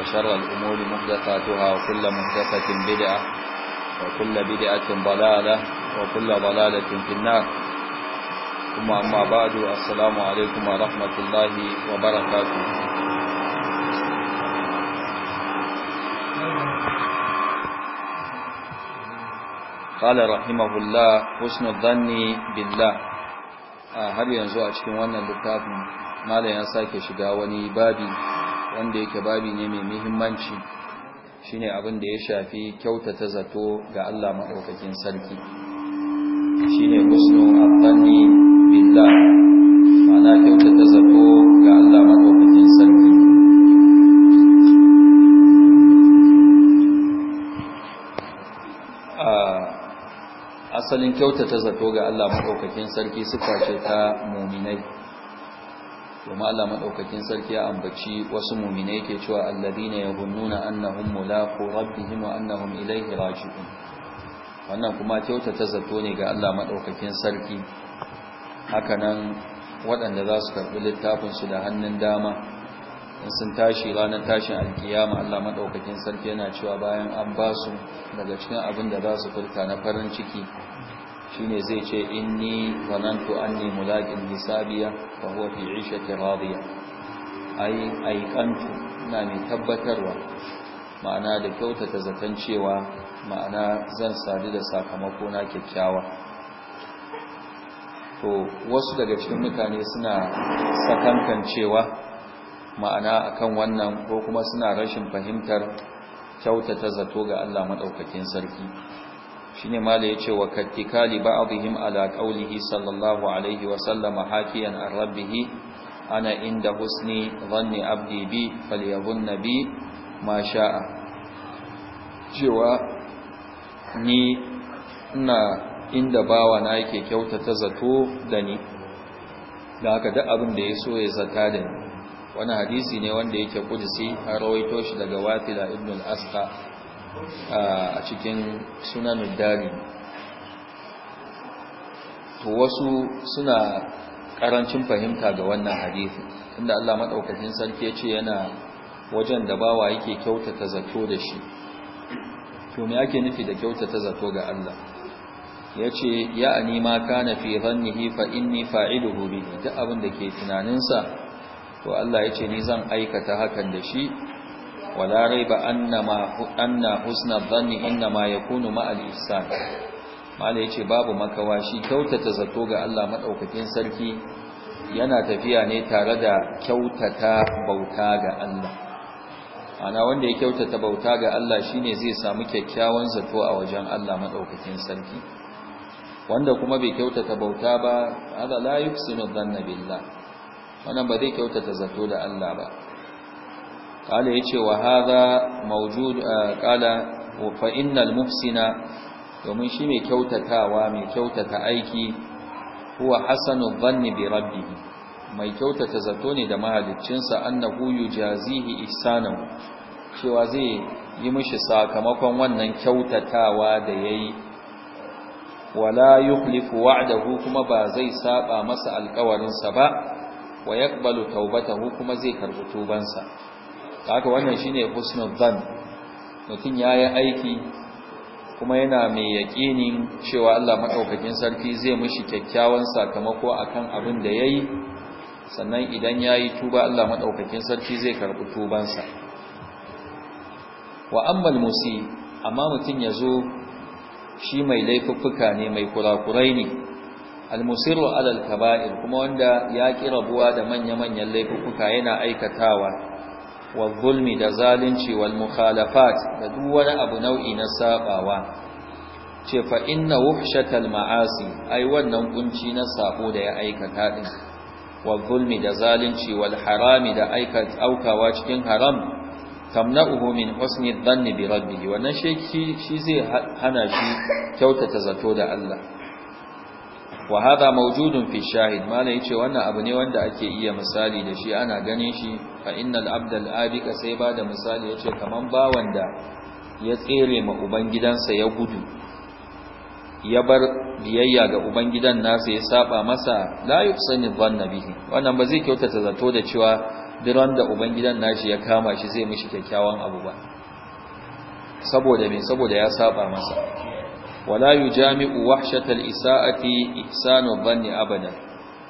وشر الأمور محدثاتها وكل محدثة بدعة وكل بدعة ضلالة وكل ضلالة في النار ثم أما بعد السلام عليكم ورحمة الله وبركاته قال رحمه الله حسن الظن بالله har yanzu a cikin wannan littafin malam ya sake shiga wani babi wanda yake babi ne mai muhimmanci shine abin da ya shafi kyautata zato ga Allah madaukakin sarki shine husnu afanni billah kyauta kyautata zato ga Allah madaukakin sarki asalin kyautata zato ga Allah madaukakin sarki suka ce ta mu'minai kuma Allah madaukakin sarki ya ambaci wasu mu'minai ke cewa alladina ya annahum mulaqu rabbihim wa annahum ilayhi raji'un wannan kuma kyautata zato ne ga Allah madaukakin sarki nan, waɗanda za su karɓi littafin su da hannun dama in sun tashi ranar tashin alkiyama Allah madaukakin sarki yana cewa bayan an ba su daga cikin abin da za su furta na farin ciki shine zai ce inni zanantu anni mulaqin hisabiya fa huwa fi 'ishati radiya ai aikantu ina mai tabbatarwa ma'ana da kyautata zaton cewa ma'ana zan sadu da sakamako na kyakkyawa to wasu daga cikin mutane suna sakankan cewa ma'ana akan wannan ko kuma suna rashin fahimtar kyautata zato ga Allah madaukakin sarki shine mala yace wa kattikali ba'dihim ala qawlihi sallallahu alaihi wa sallama hakiyan an rabbih ana inda husni dhanni abdi bi falyadhunna bi ma sha'a cewa ni ina inda bawa na yake kyautata zato da ni da haka duk abin da ya so ya zata da ni wani hadisi ne wanda yake kudusi a rawaito shi daga wafila ibn al-asqa a cikin sunanin dari to wasu suna karancin fahimta ga wannan hadisi inda Allah madaukakin sarki ya ce yana wajen da bawa yake kyautata zato da shi to me ake nufi da kyautata zato ga Allah Ya yace ya anima kana fi zannihi fa inni fa'idu bihi duk abin da ke tunaninsa to Allah ya ce ni zan aikata hakan da shi wala ريب ان ما husna حسن الظن انما يكون مع الاحسان mala yace babu makawashi shi kyautata zato ga Allah madaukakin sarki yana tafiya ne tare da kyautata bauta ga Allah ana wanda ya kyautata bauta ga Allah shine zai samu kyakkyawan zato a wajen Allah madaukakin sarki wanda kuma bai kyautata bauta ba hada la yuksinu dhanna billah wannan ba zai kyautata zato da Allah ba قال يجي وهذا موجود قال فإن المحسن domin shi mai kyautatawa mai kyautata aiki huwa hasanu dhanni bi rabbih mai kyautata zato ne da mahaliccinsa annahu jazihi, ihsanahu cewa zai yi mishi sakamakon wannan kyautatawa da yayi wala yukhlifu hu kuma ba zai saɓa masa alƙawarinsa ba wa yaqbalu tawbatahu kuma zai karbi tubansa haka wannan shine husnul dhann mutum yayi aiki kuma yana mai yaƙinin cewa Allah maɗaukakin sarki zai mishi kyakkyawan sakamako akan abin da yayi sannan idan yayi tuba Allah maɗaukakin sarki zai karɓi tubansa wa ammal musi amma mutum yazo shi mai laifuffuka ne mai kurakurai ne almusiru alal kaba'ir kuma wanda ya ki rabuwa da manya-manyan laifuffuka yana aikatawa wa zulmi da zalunci wal mukhalafat da duk wani abu nau'i na sabawa ce fa inna wuhshatal ma'asi ai wannan kunci na sabo da ya aikata din wa zulmi da zalunci wal da aikata aukawa cikin haram tamna'uhu min husni dhanni bi rabbih wannan sheki shi zai hana shi kyautata zato da Allah wa hada mawjudun fi shahid mala yace wannan abu ne wanda ake iya misali da shi ana ganin shi fa innal abdal adika sai ba da misali yace kaman ba wanda ya tsere ma ubangidansa ya gudu ya bar biyayya ga ubangidan nasa ya saba masa la yusani dhanna bihi wannan ba zai kyautata zato da cewa duk wanda ubangidan nashi ya kama shi zai mishi kyakkyawan abu ba saboda me saboda ya saba masa wala Jamiu, wahshatal isa'ati ihsanu banni abada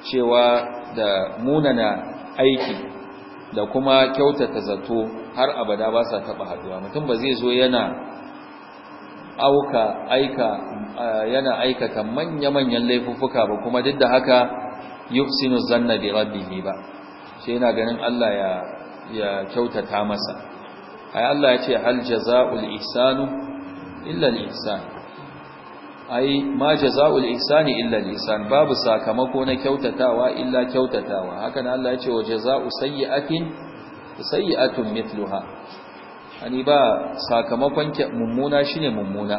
cewa da munana aiki da kuma kyautata zato har abada ba sa taba haduwa mutum ba zai zo yana auka aika yana aikata manya-manyan laifuffuka ba kuma duk da haka yufsinu zanna bi rabbihi ba sai yana ganin Allah ya ya kyautata masa ai Allah ya ce hal jaza'ul ihsanu illa al-ihsan ai ma jazaul ihsani illa lisan babu sakamako na kyautatawa illa kyautatawa haka nan Allah ya ce wa jazaa'u sayyi'atin sayyi'atun mithluha ani ba sakamakon mummuna shine mummuna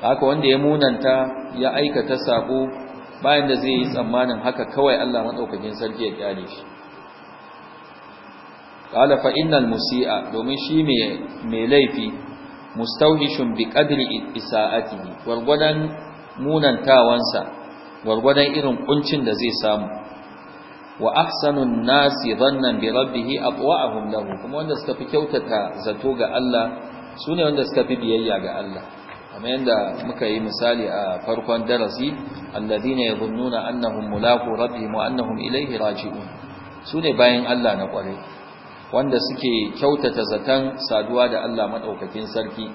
haka wanda ya munanta ya aikata sako bayan da zai yi tsammanin haka kawai Allah madaukakin sarki ya kyale shi qala fa innal musii'a domin shi mai laifi mustawhishun bi qadri isaatihi gurgudan munantawansa gurgudan irin kuncin da zai samu wa ahsanun nasi dhannan bi rabbih atwa'ahum lahu kuma wanda suka fi kyautata zato ga Allah sune wanda suka fi biyayya ga Allah kamar yadda muka yi misali a farkon darasi alladhina yadhunnuna annahum mulaqu rabbihim wa annahum ilayhi raji'un sune bayan Allah na kwarai wanda suke kyautata zaton saduwa da Allah madaukakin sarki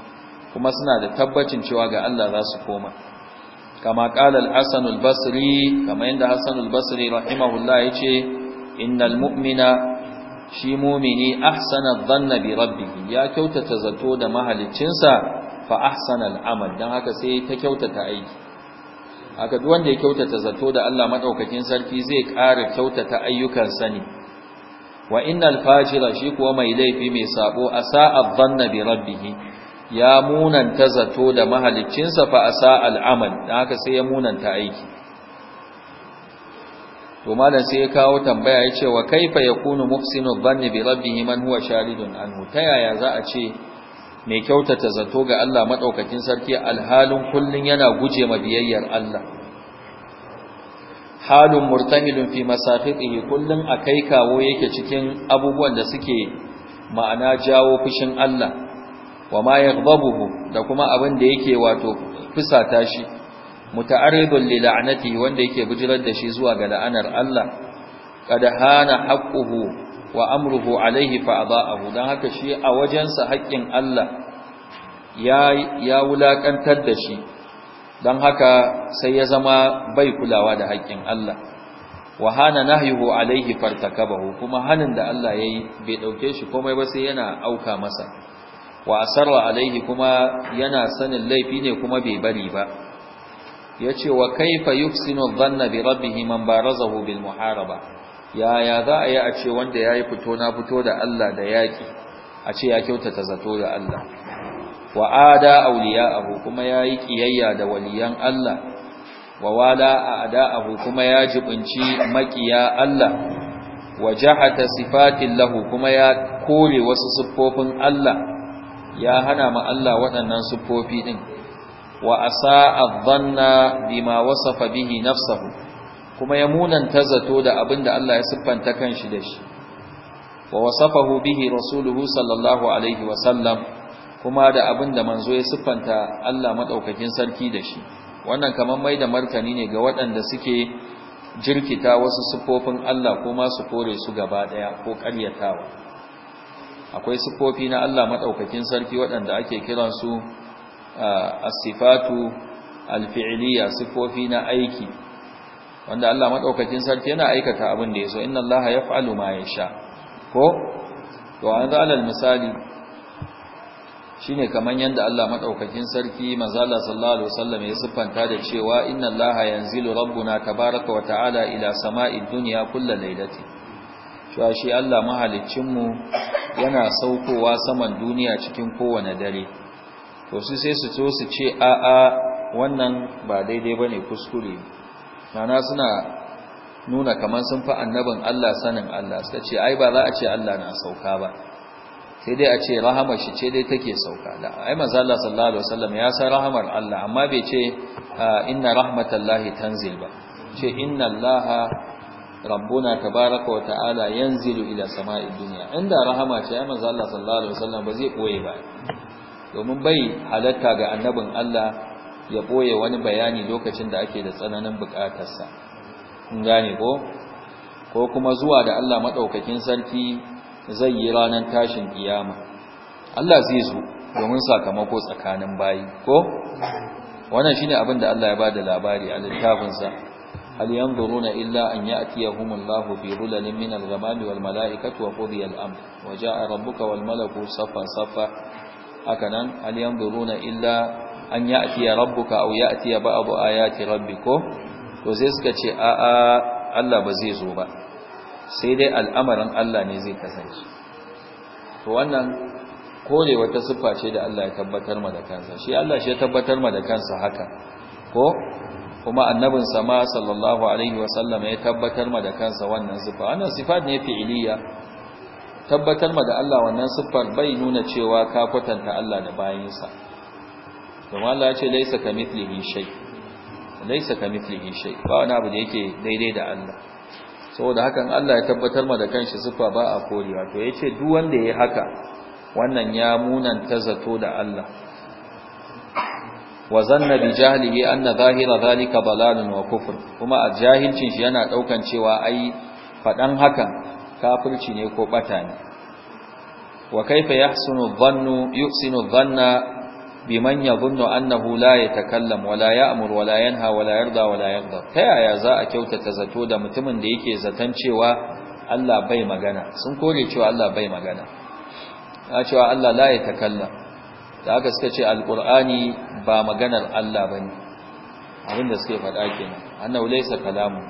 kuma suna da tabbacin cewa ga Allah za su koma kama qala al-hasan al-basri kama inda hasan al-basri rahimahullah yace innal mu'mina shi mu'mini ahsana dhanna bi rabbih ya kyautata zato da mahaliccinsa fa ahsana al-amal dan haka sai ta kyautata aiki haka duk wanda ya kyautata zato da Allah madaukakin sarki zai ƙara kyautata ayyukan sani wa innal fajira shi kuwa mai laifi mai sabo asa adhanna bi rabbih ya munanta zato da mahaliccinsa fa asa al'amal dan haka sai ya munanta aiki to malam sai ya kawo tambaya ya wa kaifa yakunu muhsinu dhanni bi rabbih man huwa sharidun anhu ta yaya za a ce mai kyautata zato ga Allah madaukakin sarki alhalin kullun yana guje ma biyayyar Allah halun murtamilun fi masafitihi kullum a kai kawo yake cikin abubuwan da suke ma'ana jawo fushin Allah wa ma yaghdabuhu da kuma abin da yake wato fusata shi muta'arridun li la'nati wanda yake bijirar da shi zuwa ga la'anar Allah kad hana haqquhu wa amruhu alaihi fa adaahu dan haka shi a wajensa haƙƙin Allah ya ya wulakantar da shi don haka sai ya zama bai kulawa da haƙƙin Allah wa hana nahyuhu alaihi fartakabahu kuma hanin da Allah yayi bai dauke shi komai ba sai yana auka masa wa asarra alaihi kuma yana sanin laifi ne kuma bai bari ba yace wa kaifa yufsinu dhanna bi rabbihi man barazahu bil muharaba ya ya za a yi a ce wanda yayi fito na fito da Allah da yaki a ce ya kyautata zato da Allah wa ada abu kuma yayi kiyayya da waliyan Allah wa wala a'da'ahu kuma ya jibinci makiya Allah wa jahata sifatin lahu kuma ya kore wasu sifofin Allah ya hana ma Allah waɗannan sifofi ɗin. wa asa zanna dhanna bima wasafa bihi nafsuhu kuma ya munanta zato da abinda Allah ya siffanta kanshi da shi wa wasafahu bihi rasuluhu sallallahu alaihi kuma da abin da manzo ya siffanta Allah madaukakin sarki da shi wannan kamar mai da martani ne ga waɗanda suke jirkita wasu siffofin Allah ko ma su kore su gaba daya ko ƙaryatawa akwai siffofi na Allah madaukakin sarki waɗanda ake kiran su as-sifatu al-fi'liya siffofi na aiki wanda Allah madaukakin sarki yana aikata abin da yaso inna Allah yaf'alu ma yasha ko to an zalal misali shine kaman yadda Allah madaukakin sarki manzala sallallahu alaihi wasallam ya siffanta da cewa inna allaha yanzilu rabbuna tabaaraka wa ta'ala ila sama'id dunya kullal laylati cewa shi Allah mahaliccin mu yana saukowa saman duniya cikin kowane dare to su sai su to su ce a a wannan ba daidai bane kuskure mana suna nuna kaman sun fa annabin Allah sanin Allah suka ce ai ba za a ce Allah na sauka ba sai dai a ce rahamar shi ce dai take sauka da ai manzo Allah sallallahu alaihi wasallam ya san rahamar Allah amma bai ce ah, inna rahmatallahi tanzil ba ce inna allaha rabbuna tabaraka wa ta'ala yanzilu ila sama'id dunya inda rahama ce ai manzo Allah sallallahu alaihi wasallam ba zai koye ba domin bai halatta ga annabin Allah ya ɓoye wani bayani lokacin da ake da tsananin bukatarsa kun gane ko ko kuma zuwa da Allah madaukakin sarki zai yi ranar tashin kiyama Allah zai zo domin sakamako tsakanin bayi ko wannan shine abin da Allah ya bada labari a littafinsa hal yanzuruna illa an ya'tiyahumullahu fi dhulalin min al-ghamami wal mala'ikatu wa qudiya al-amr wa ja'a rabbuka wal malaku saffan saffa nan, hal yanzuruna illa an ya'tiya rabbuka aw ya'tiya ba'd ayati rabbiko to sai suka ce a'a Allah ba zai zo ba sai dai al'amarin Allah ne zai kasance to wannan kore wata siffa ce da Allah ya tabbatar ma da kansa shi Allah shi ya tabbatar ma da kansa haka ko kuma annabin sama sallallahu alaihi wa sallam ya tabbatar ma da kansa wannan siffa wannan sifat ne fi'iliya tabbatar ma da Allah wannan siffar bai nuna cewa ka kwatanta Allah da bayinsa domin Allah ya ce laisa kamithlihi shay laisa kamithlihi shay ba wani abu da yake daidai da Allah saboda hakan Allah ya tabbatar ma da kanshi sifa ba a koriya, to yace duk wanda yayi haka wannan ya munanta zato da Allah wa zanna bi jahlihi anna zahira zalika balalun wa kufr kuma a jahilcin shi yana daukan cewa ai fadan hakan kafirci ne ko bata ne wa kaifa yahsunu dhannu yuhsinu dhanna biman yadhunnu annahu la yatakallam wa la ya'mur wa la yanha wa la yarda wa la yaghdab ta yaya za a kyautata zato da mutumin da yake zaton cewa Allah bai magana sun kore cewa Allah bai magana a cewa Allah la yatakallam da haka suka ce alqur'ani ba maganar Allah bane abinda suke faɗa kenan annahu laysa kalamu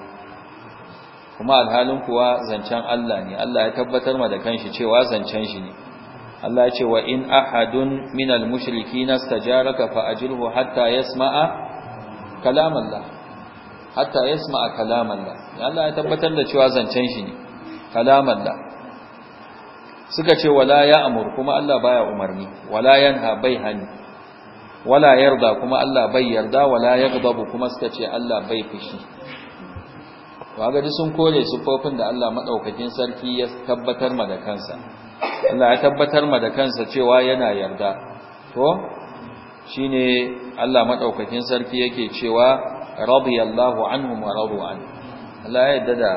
kuma alhalin kuwa zancen Allah ne Allah ya tabbatar ma da kanshi cewa zancen shi ne Allah ce wa in ahadun al mushrikina stajaraka fa ajilhu hatta yasma'a kalam Allah hatta yasma'a kalam Allah Allah ya tabbatar da cewa zancen shi ne kalam Allah suka ce wala ya amur kuma Allah baya umarni wala yanha bai hani wala yarda kuma Allah bai yarda wala yaghdabu kuma suka ce Allah bai fushi To ga sun kore sufofin da Allah madaukakin sarki ya tabbatar ma da kansa Allah ya tabbatar ma da kansa cewa yana yarda to shine Allah madaukakin sarki yake cewa radiyallahu anhum wa radu an Allah ya yarda da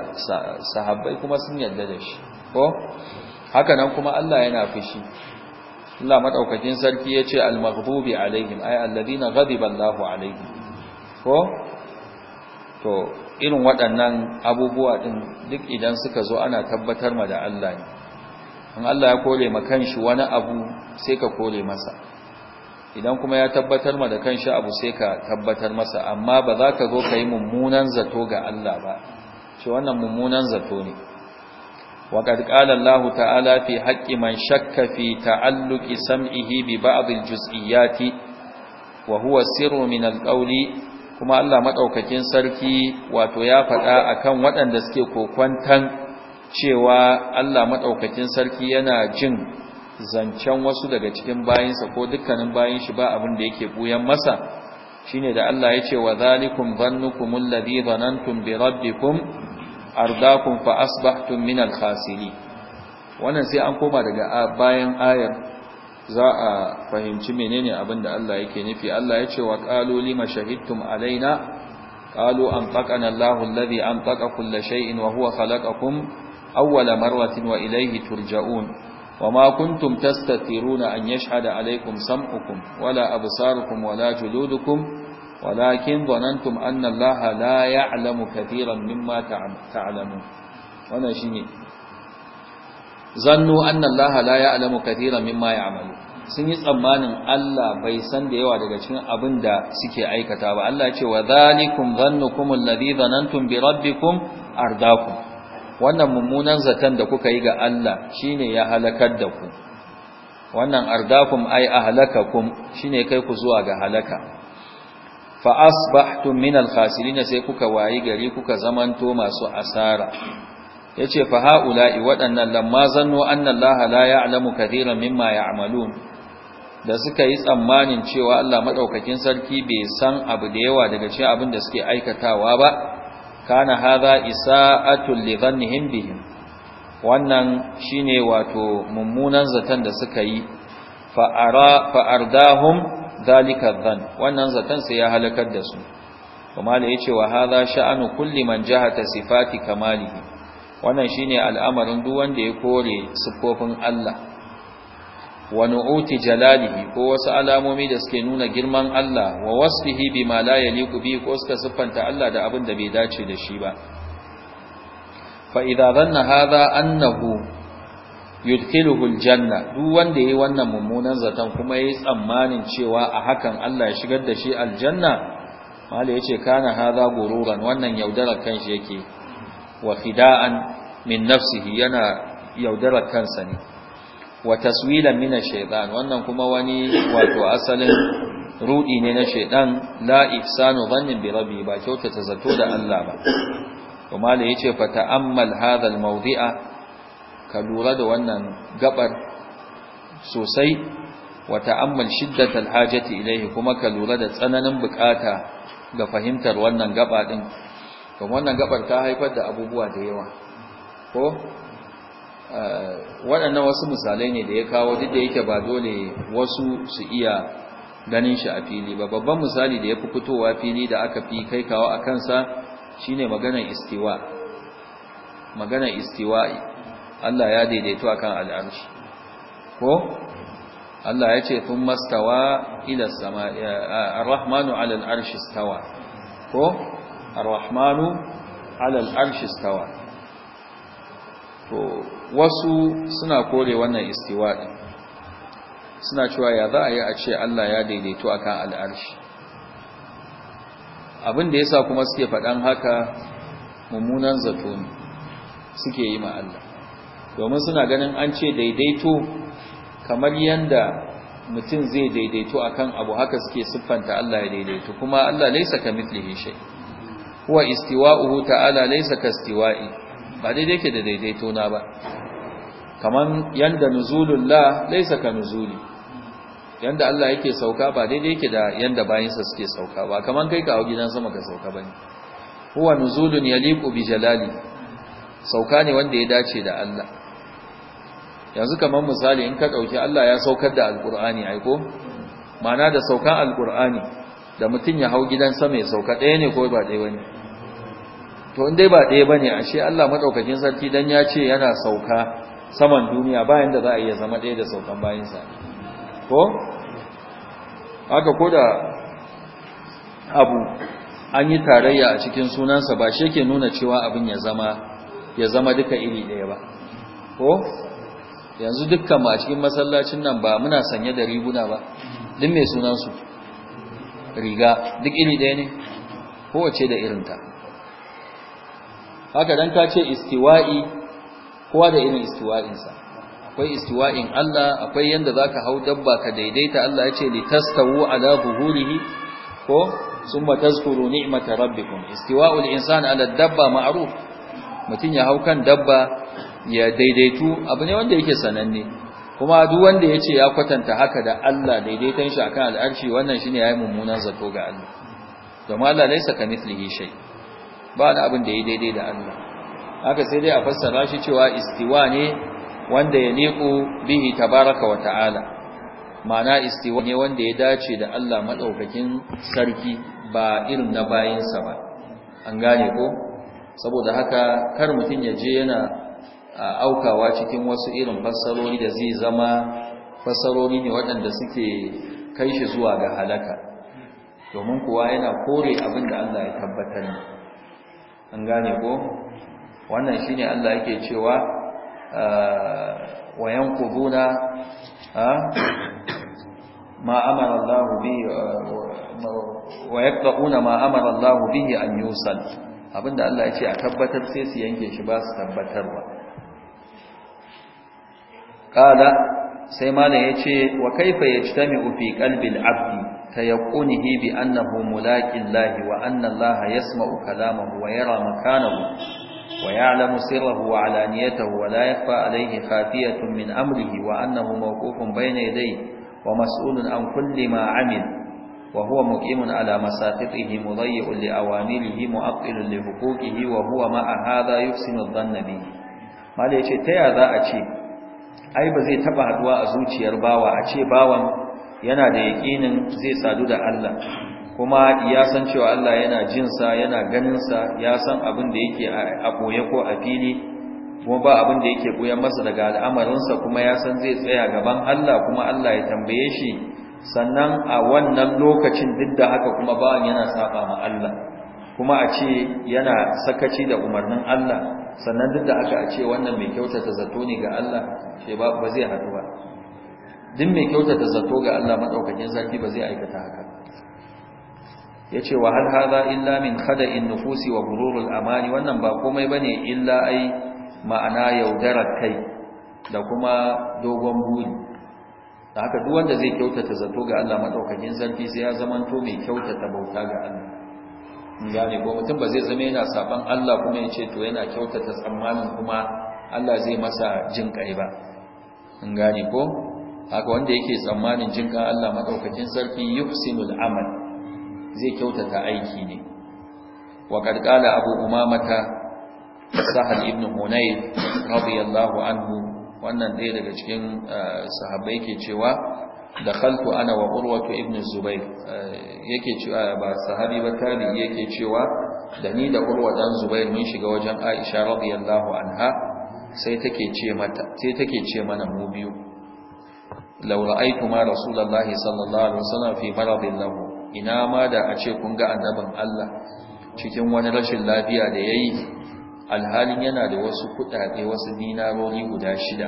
sahabbai kuma sun yarda da shi ko haka nan kuma Allah yana fushi Allah madaukakin sarki yace al-maghdubi alaihim ay alladhina ghadiba Allahu alaihim ko to irin waɗannan abubuwa din duk idan suka zo ana tabbatar ma da Allah ne in Allah ya kore ma kanshi wani abu sai ka kore masa idan kuma ya tabbatar ma da kanshi abu sai ka tabbatar masa amma ba za ka zo ka yi mummunan zato ga Allah ba shi wannan mummunan zato ne وقد قال الله تعالى في حق sam'ihi bi في تعلق سمعه ببعض الجزئيات وهو سر من القول kuma Allah madaukakin sarki wato ya faɗa akan waɗanda suke kokwantan cewa Allah maɗaukacin sarki yana jin zancen wasu daga cikin bayinsa ko dukkanin bayin shi ba abin da yake buyan masa shine da Allah ya ce wa zalikum dhannukum alladhi dhanantum bi rabbikum ardakum fa asbahtum min al wannan sai an koma daga bayan ayar za a fahimci menene abin da Allah yake nufi Allah ya ce wa qalu lima shahidtum alaina qalu an taqana Allahu alladhi an taqa kulli shay'in wa huwa khalaqakum awwala marratin wa ilayhi turja'un wama kuntum tastatiruna an yashhada alaykum sam'ukum wala absarukum wala juludukum walakin dhanantum anna allaha la ya'lamu katiran mimma ta'lamun wannan shine zannu anna allaha la ya'lamu katiran mimma sun yi tsammanin Allah bai san da yawa daga cikin abin da suke aikata ba Allah ya ce wa dhalikum dhannukum alladhi dhanantum bi rabbikum ardakum wannan mummunan zaton da kuka yi ga Allah shine ya halakar da ku wannan ardakum ay ahlakakum shine kai ku zuwa ga halaka fa asbahtum min al-khasirin sai kuka wayi gari kuka zamanto masu asara yace fa haula'i waɗannan lamma zannu anna Allah la ya'lamu kathiran mimma ya'malun da suka yi tsammanin cewa Allah madaukakin sarki bai san abu da yawa daga cikin abin da suke aikatawa ba kana haza isa'atul li dhannihim bihim wannan shine wato mummunan zaton da suka yi fa ara fa ardahum dhann wannan zaton sai ya halakar da su kuma da yace wa haza sha'anu kulli man jahata sifati kamalihi wannan shine al'amarin duk wanda ya kore siffofin Allah wa nu'uti jalalihi ko wasu alamomi da suke nuna girman Allah wa wasfihi bima la yaliqu bihi ko suka siffanta Allah da abin da bai dace da shi ba fa idza dhanna hadha annahu yudkhiluhu aljanna duk wanda yayi wannan mummunan zaton kuma yayi tsammanin cewa a hakan Allah ya shigar da shi aljanna mala yace kana hadha gururan wannan yaudarar kanshi yake wa khida'an min nafsihi yana yaudarar kansa ne wa taswilan min ash-shaytan wannan kuma wani wato asalin rudi ne na shaytan la ihsanu dhannin bi rabbi ba kyautata zato da Allah ba kuma da yace fa ta'ammal hadha al-mawdi'a ka lura da wannan gabar sosai wa ta'ammal shiddat al-hajati ilayhi kuma ka lura da tsananin bukata ga fahimtar wannan gaba din kuma wannan gabar ta haifar da abubuwa da yawa ko Eh, waɗannan wasu misalai ne da ya kawo duk da yake ba dole wasu su iya ganin shi a fili ba babban misali da ya fi fitowa fili da aka fi kai kawo a kansa shine maganar istiwa maganar istiwa Allah ya daidaito akan al'arshi ko Allah ya ce kun mastawa ilar sama eh, ar-rahmanu 'ala arshi stawa ko ar-rahmanu 'ala arshi stawa to wasu suna kore wannan istiwa din suna cewa ya za a yi a ce Allah ya daidaito akan al'arshi abin da yasa kuma suke faɗan haka mummunan zato ne suke yi ma Allah domin suna ganin an ce daidaito kamar yanda mutum zai daidaito akan abu haka suke siffanta Allah ya daidaito kuma Allah laisa kamithlihi shay huwa istiwa'uhu ta'ala laisa kastiwa'i ba daidai ke da daidaito na ba kaman yanda nuzulullah laysa ka nuzuli yanda Allah yake sauka ba daidai yake da yanda bayinsa suke sauka ba kaman kai ka hau gidan sama ka sauka bane huwa nuzulun yaliqu bi jalali sauka ne wanda ya dace da Allah yanzu kaman misali in ka dauki Allah ya saukar da alqur'ani ai ko ma'ana da saukan alqur'ani da mutun ya hau gidan sama ya sauka ɗaya ne ko ba ɗaya bane to in dai ba ɗaya a ashe Allah maɗaukacin sarki dan ya ce yana sauka saman duniya bayan da za a iya zama ɗaya da saukan bayinsa ko haka ko da abu an yi tarayya a cikin sunansa ba shi yake nuna cewa abin ya zama ya zama duka iri ɗaya ba ko yanzu dukkan ma cikin masallacin nan ba muna sanye da riguna ba duk mai sunansu riga duk iri ɗaya ne kowace da irinta haka dan ka ce istiwa'i kowa da irin istiwa'insa akwai istiwa'in Allah akwai yanda zaka hau dabba ka daidaita Allah ya ce tastawu ala buhurihi ko summa tazkuru ni'mata rabbikum istiwa'ul insani ala dabba ma'ruf mutun ya hau kan dabba ya daidaitu abu ne wanda yake sananne kuma duk wanda yace ya kwatanta haka da Allah daidaitan shi akan al'arshi wannan shine yayi mummunan zato ga Allah domin Allah laysa kamithlihi shay' ba wani abin da ya daidai da Allah haka sai dai a fassara shi cewa istiwa ne wanda ya liku bihi tabaraka wa ta'ala ma'ana istiwa ne wanda ya dace da Allah maɗaukakin sarki ba irin na bayinsa ba an gane ko saboda haka kar mutum ya je yana aukawa cikin wasu irin fassarori da zai zama fassarori ne waɗanda suke kai shi zuwa ga halaka domin kuwa yana kore abin da Allah ya tabbatar an gane ko wannan shine Allah yake cewa ah, wa yanquduna ah, ma amara Allah bi bihi an yusal abinda Allah ya ce a tabbatar sai su yanke shi ba su tabbatarwa kada sai malam ya ce wa kaifa yajtami'u fi qalbi abdi كيقونه بأنه ملاك الله وأن الله يسمع كلامه ويرى مكانه ويعلم سره وعلانيته ولا يخفى عليه خافية من أمره وأنه موقوف بين يديه ومسؤول عن كل ما عمل وهو مقيم على مساقطه مضيع لأوامره مؤقل لحقوقه وهو مع هذا يحسن الظن به ما ليش تيا ذا أشي أي بزي تبع دواء زوجي يرباوة أشي باوة yana da yakinin zai sadu da Allah kuma ya san cewa Allah yana jin sa yana ganinsa ya san abin da yake a ɓoye ko a fili kuma ba abin da yake ɓoyen masa daga al'amarin sa, kuma ya san zai tsaya gaban Allah kuma Allah ya tambaye shi sannan a wannan lokacin duk da haka kuma bawan yana saba ma Allah kuma a ce yana sakaci da umarnin Allah sannan duk da haka a ce wannan mai kyautata zato ne ga Allah shi ba zai haɗu ba din mai kyautata zato ga Allah madaukakin sarki ba zai aikata haka yace wa hal hadha illa min khada'in nufusi wa ghururul amani wannan ba komai bane illa ai ma'ana yaudarar kai da kuma dogon buri da haka duk wanda zai kyautata zato ga Allah madaukakin sarki sai ya zamanto mai kyautata bauta ga Allah gane ko mutum ba zai zama yana saban Allah kuma ya ce to yana kyautata tsammanin kuma Allah zai masa jin kai ba in gane ko haka wanda yake tsammanin jin ka Allah madaukakin sarki yuhsinul amal zai kyautata aiki ne wa qad abu umamata sahal ibn hunayf radiyallahu anhu wannan ɗaya daga cikin eh, sahabbai ke cewa khaltu ana wa urwatu ibn zubair eh, yake cewa ba sahabi ba tabi yake cewa da ni da urwa dan zubair mun shiga wajen aisha radiyallahu anha sai take ce mata sai take ce mana mu biyu law ra'aytuma rasulullahi sallallahu alaihi wasallam fi maradin lahu ina ma da a ce kun ga annabin Allah cikin wani rashin lafiya da yayi alhalin yana da wasu kudade wasu dinarori guda shida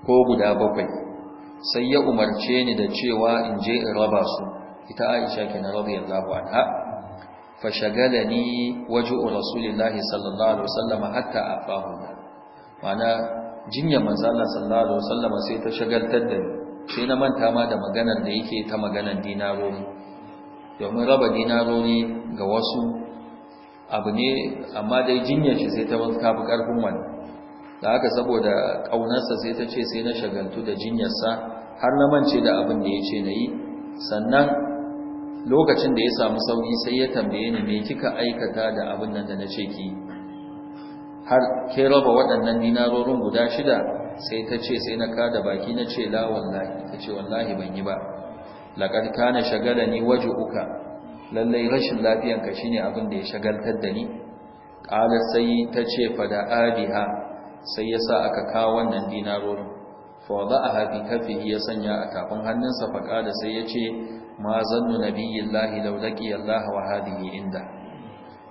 ko guda bakwai sai ya umarce ni da cewa in je in raba su ita Aisha kenan radiyallahu anha fashagalani wajhu rasulillahi sallallahu alaihi wasallam hatta afahu mana Jinyar manzo Allah sallallahu alaihi wasallam sai ta shagaltar da ni sai na manta ma da maganar da yake ta maganar dinarori domin raba dinarori ga wasu abu ne amma dai jinyar shi sai ta kafi karfin wani da haka saboda ƙaunarsa sai ta ce sai na shagaltu da jinyarsa har na mance da abin da ya ce na yi sannan lokacin da ya samu sauki sai ya tambaye ni me kika aikata da abin nan da na ce ki har ke raba waɗannan dinarorin guda shida sai ta ce sai na kada baki na ce la wallahi ta ce wallahi ban yi ba laƙar na shagala ni waje uka lallai rashin lafiyanka shi ne abin da ya shagaltar da ni ƙala sai ta ce fada abiha sai ya sa aka kawo wannan dinarorin fada a hafi kafi ya sanya a tafin hannunsa faƙa da sai ya ce ma zannu biyun lahi laulaƙi allaha wa hadihi inda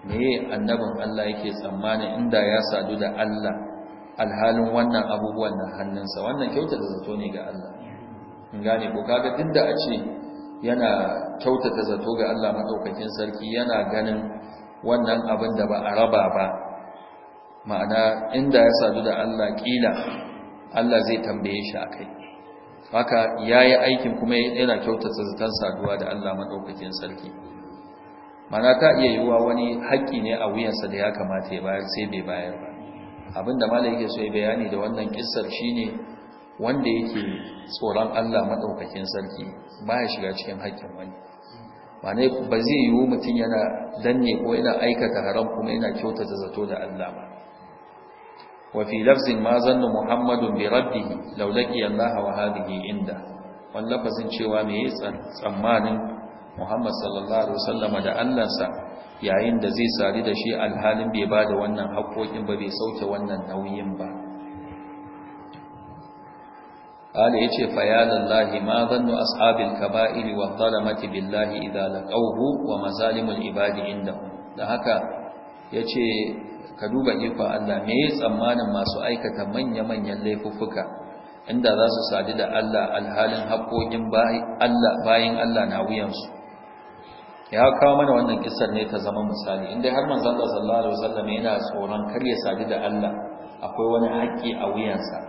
meye annabin Allah yake tsammanin inda ya sadu da Allah alhalin wannan abubuwan na hannunsa wannan kyautata zato ne ga Allah in gane ko kaga tunda a ce yana kyautata zato ga Allah madaukakin sarki yana ganin wannan abin da ba a raba ba ma'ana inda ya sadu da Allah kila Allah zai tambaye shi akai haka yayi aikin kuma yana kyautata zaton saduwa da Allah madaukakin sarki mana ta iya yiwuwa wani haƙƙi ne a wuyansa da ya kamata ya bayar sai bai bayar ba abinda Malam yake so ya bayani da wannan kissar shine wanda yake tsoron Allah madaukakin sarki baya shiga cikin haƙƙin wani mana ba zai yiwu mutum yana danne ko yana aikata haram kuma yana kyautata zato da Allah ba wa fi lafzin ma zanna muhammadun bi rabbih laulaki laqiya wa hadhihi inda wannan lafazin cewa me tsammanin Muhammad sallallahu alaihi wasallama da Allahnsa yayin da zai sari da shi alhalin bai da wannan haƙoƙin ba bai sauke wannan nauyin ba قال يجي فيا لله ما ظن أصحاب billahi والظلمة بالله إذا wa ومظالم ibadi inda, da haka yace ka duba iko Allah me ya tsammanin masu aikata manya-manyan laifuffuka inda za su sadi da Allah alhalin haƙoƙin bayan Allah na wuyansu ya kawo mana wannan kisar ne ta zama misali inda har manzo Allah sallallahu alaihi wasallam yana tsoron kar ya sadu da Allah akwai wani haƙƙi a wuyansa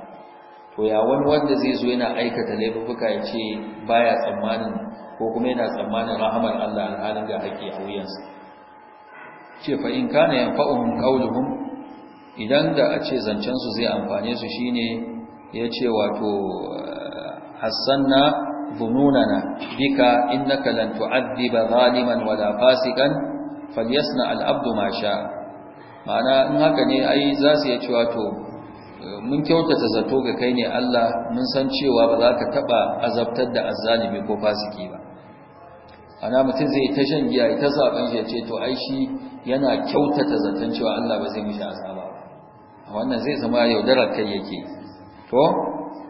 to ya wani wanda zai zo yana aikata laifuka ya ce baya tsammanin ko kuma yana tsammanin rahmar Allah alhalin ga haƙƙi a wuyansa ce fa in kana yanfa'uhum qawluhum idan da a ce zancen su zai amfane su shine ya ce wato hassanna ظنوننا بك إنك لن تعذب ظالما ولا فاسقا فليصنع العبد ما شاء ma'ana in haka ne ai za su yi cewa to mun kyautata zato ga kai ne Allah mun san cewa ba za ka taba azabtar da azzalimi ko fasiki ba ana mutum zai ta shan giya ita zaben shi ya ce to ai shi yana kyautata zaton cewa Allah ba zai mishi azaba ba wannan zai zama yaudarar kai yake to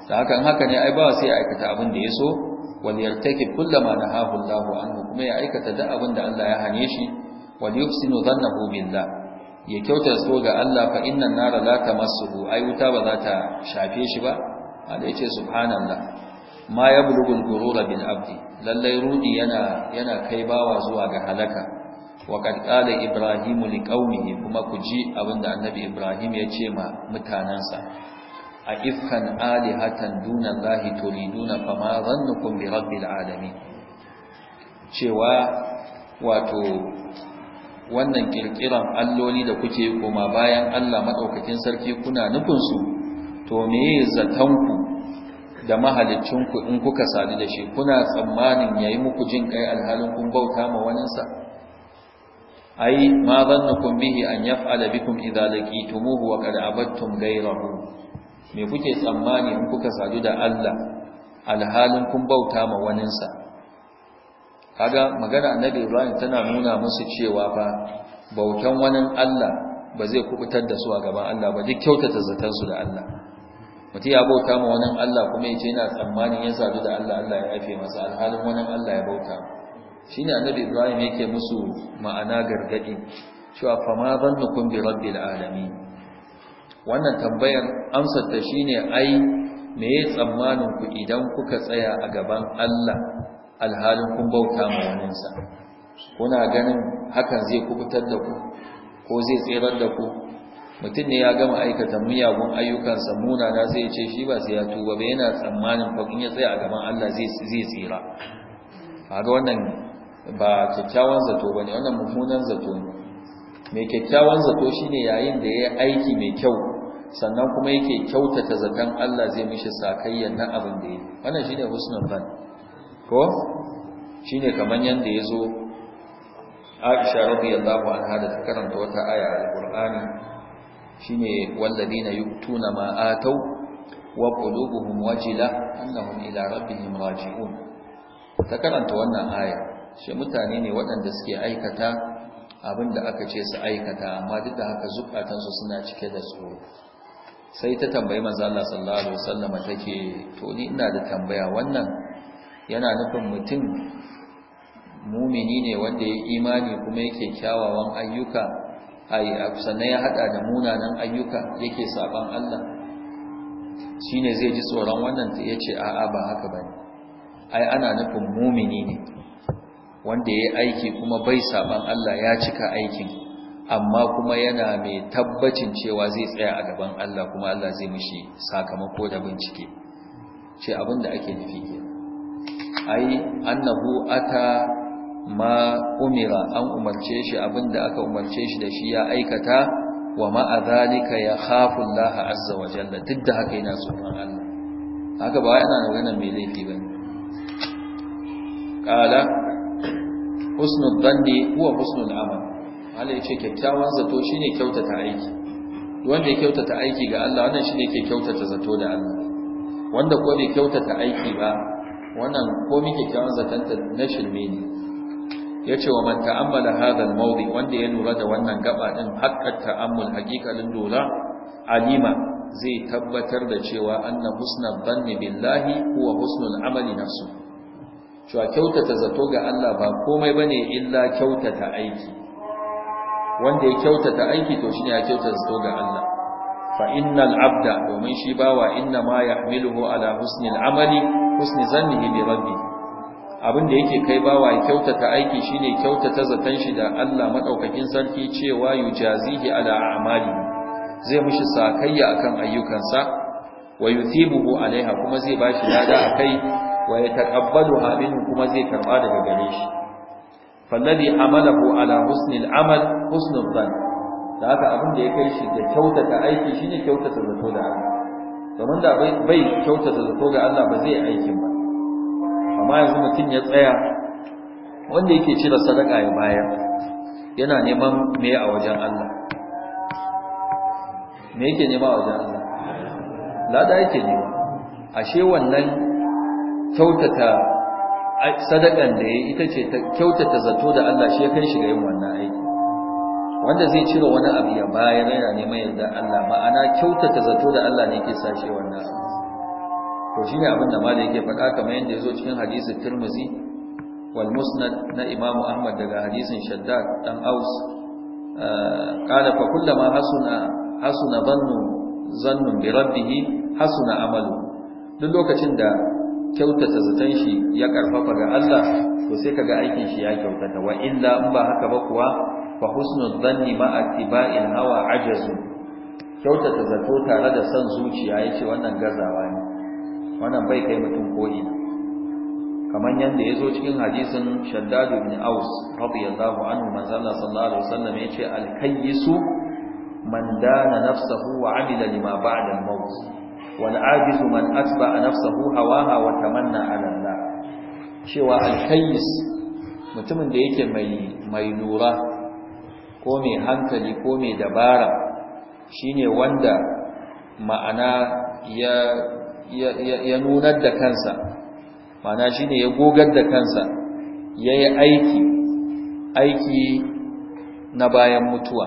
da haka in haka ne ai ba sai aikata abin da ya so wal yartaki kullama nahahu Allah anhu kuma ya aikata duk abin da Allah ya hane shi wal yuhsinu dhannahu billah ya kyauta so ga Allah fa innan nara la tamassuhu ai wuta ba za ta shafe shi ba Allah yace subhanallah ma yablughu al-ghurura bil abdi lallai rudi yana yana kai bawa zuwa ga halaka وقد قال ابراهيم لقومه kuma ku ji abinda annabi ibrahim ya ce ma mutanansa a ifkan alihatan duna Allahi turiduna fama zannukum bi rabbil alamin cewa wato wannan kirkiran alloli da kuke koma bayan Allah madaukakin sarki kuna nufin su to me zatanku da mahalicinku in kuka sadu da shi kuna tsammanin yayi muku jin kai alhalin kun bauta ma wani sa ai ma zannukum bihi an yaf'ala bikum idza laqitumuhu wa qad abattum ghayrahu me kuke tsammani in kuka sadu da Allah alhalin kun bauta ma waninsa kaga magana annabi Ibrahim tana nuna musu cewa fa bautan wanin Allah ba zai kubutar da su a gaban Allah ba duk kyautata zaton su da Allah mutum ya bauta ma wanin Allah kuma yace yana tsammanin ya sadu da Allah Allah ya aife masa alhalin wanin Allah ya bauta shine annabi Ibrahim yake musu ma'ana gargadi cewa fa ma zannukum bi rabbil alamin wannan tambayar amsar ta shine ai me ya tsammanin ku idan kuka tsaya a gaban Allah alhalin kun bauta ma sa kuna ganin hakan zai kubutar da ku ko zai tsirar da ku mutum ne ya gama aikata miyagun ayyukan ayyukansa na zai ce shi ba sai ya tuba ba yana tsammanin fa in ya tsaya a gaban Allah zai zai tsira kaga wannan ba kyakkyawan zato bane wannan mummunan zato ne mai kyakkyawan zato shine yayin da yayi aiki mai kyau sannan kuma yake kyautata zaton Allah zai mishi sakayya na abin da yake wannan shine husnul fan ko shine kaman yanda yazo Aisha radiyallahu anha da ta karanta wata aya a Al-Qur'ani shine walladina yuktuna ma atau wa qulubuhum wajila annahum ila rabbihim raji'un ta karanta wannan aya shi mutane ne waɗanda suke aikata abin da aka ce su aikata amma duk da haka zukatansu suna cike da tsoro sai ta tambayi manzo Allah sallallahu alaihi wasallam take to ni ina da tambaya wannan yana nufin mutum mumini ne wanda ya imani kuma yake kyawawan ayyuka ai sannan ya hada da munanan ayyuka yake saban Allah shine zai ji tsoron wannan yace a'a ba haka bane ai ana nufin mumini ne wanda ya aiki kuma bai saban Allah ya cika aikin amma kuma yana mai tabbacin cewa zai tsaya a gaban Allah kuma Allah zai mishi sakamako da bincike ce abinda ake nufi ke ai annahu ata ma umira an umarce shi abinda aka umarce shi da shi ya aikata wa ma'a zalika ya khafu Allah azza wa jalla duk da haka yana tsoron Allah haka ba yana nan mai laifi bane qala husnul dhanni huwa husnul amal Allah yace kyakkyawan zato shine kyautata aiki wanda ya kyautata aiki ga Allah wannan shine yake kyautata zato da Allah wanda ko bai kyautata aiki ba wannan ko mi kyakkyawan ta na shirme ne yace wa man ta'ammala hadha al-mawdi wanda ya lura da wannan gaba din haqqat ta'ammul haqiqalin lura alima zai tabbatar da cewa anna husnul dhanni billahi huwa husnul amali nafsuhu cewa kyautata zato ga Allah ba komai bane illa kyautata aiki wanda ya kyautata aiki to shine ya kyautata zato ga Allah fa innal abda domin shi bawa inna ma yahmiluhu ala husni al'amali husni zannihi bi rabbi abin da yake kai bawa ya kyautata aiki shine kyautata zaton shi da Allah madaukakin sarki cewa yujazihi ala a'mali zai mishi sakayya akan ayyukansa wa yuthibuhu alaiha kuma zai bashi lada akai wa yataqabbaluha minhu kuma zai karba daga gare shi fallazi amalahu ala husnil amal husnu dhan da haka abin da ya kai shi da kyautata aiki shine kyautata zato da Allah domin da bai kyautata zato ga Allah ba zai aikin ba amma yanzu mutum ya tsaya wanda yake cire sadaka ya bayar yana neman me a wajen Allah me yake nema a wajen Allah lada yake nema ashe wannan kyautata sadakan da yayi ita ce ta kyautata zato da Allah shi ya kai shi yin wannan aiki wanda zai cire wani abu ya bayar yana neman yarda Allah ma'ana kyautata zato da Allah ne yake sashe wannan to shine abin da malai yake faɗa kamar yadda yazo cikin hadisin Tirmidhi wal Musnad na Imam Ahmad daga hadisin Shaddad dan Aus eh, qala fa kullama hasuna hasuna zannu bi rabbih hasuna amalu duk lokacin da kyautata zaton shi ya karfafa ga Allah to sai kaga aikin shi ya kyautata wa illa in ba haka ba kuwa fa husnul dhanni ma ittiba'il hawa ajazu kyautata zato tare da san zuciya yace wannan gazawa ne wannan bai kai mutum ko ina kamar yanda yazo cikin hadisin Shaddad ibn Aus radiyallahu anhu manzo Allah sallallahu alaihi wasallam yace al-kayyisu man dana nafsahu wa amila lima ba'da al-maut wal ajizu man asba nafsahu hawaha wa tamanna ala Allah cewa alkayyis mutumin da yake mai mai lura ko mai hankali ko mai dabara shine wanda ma'ana ya ya nunar da kansa ma'ana shine ya gogar da kansa yayi aiki aiki na bayan mutuwa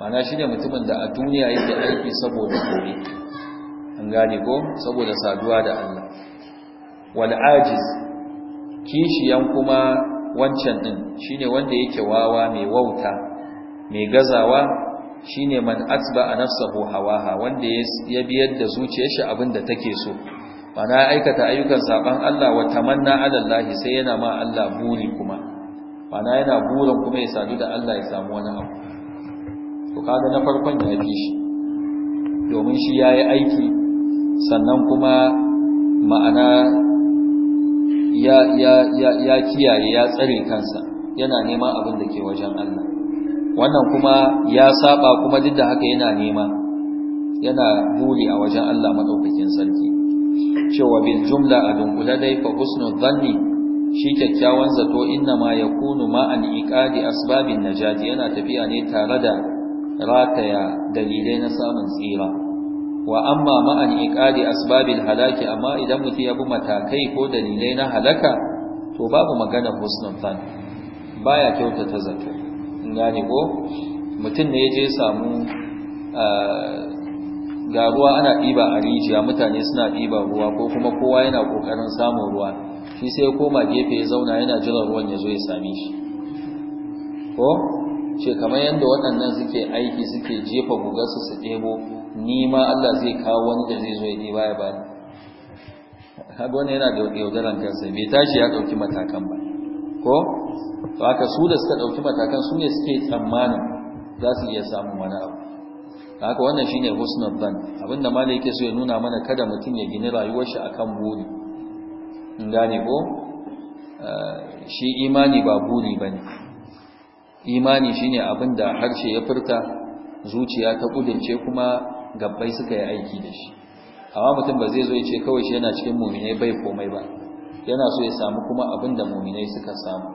ma'ana shine mutumin da a duniya yake aiki saboda gobe an gane ko saboda saduwa da Allah wal ajiz kishiyan kuma wancan din shine wanda yake wawa mai wauta mai gazawa shine man asba nafsahu hawaha wanda ya biyar da zuciyar shi abinda take so bana aikata ayyukan saban Allah wa tamanna ala Allah sai yana ma Allah buri kuma bana yana burin kuma ya sadu da Allah ya samu wani abu to kaga na farkon ya fi shi domin shi yayi aiki sannan kuma ma'ana ya, ya, ya, ya kiyaye ya tsare kansa yana neman abin da ke wajen Allah wannan kuma ya saba kuma duk da haka yana nema yana buri a wajen Allah madaukakin sarki cewa bil jumla a dunkula dai fa husnu dhanni shi kyakkyawan zato inna ma yakunu ma an iqadi asbabin najati yana tafiya ne tare da rataya dalilai na samun tsira wa amma ma'an iqadi asbabil halaki amma idan mutum ya bi matakai ko dalilai na halaka to babu magana husnul fan baya ta zato gane ko mutum ne yaje samu ah, ga ruwa ana diba a rijiya mutane suna diba ruwa ko kuma kowa yana kokarin samun ruwa shi sai koma gefe ya zauna yana jiran ruwan ya zo ya same shi ko ce kamar yadda waɗannan suke aiki suke jefa gugarsu su ɗebo ni ma Allah zai kawo wani da zai zo ya ba ya bani kaga wani yana da yaudaran kansa bai tashi ya ɗauki matakan ba ko to haka su da suka ɗauki matakan su ne suke tsammanin za su iya samun wani abu haka wannan shine husnul dhan abinda malai yake so ya nuna mana kada mutum ya gini rayuwar shi akan buri in gane ko eh, shi imani ba buri bane imani shine abinda harshe ya furta zuciya ta kudince kuma gabbai suka yi aiki da shi amma mutum ba zai zo ya ce kawai shi yana cikin muminai bai komai ba yana so ya samu kuma abin da muminai suka samu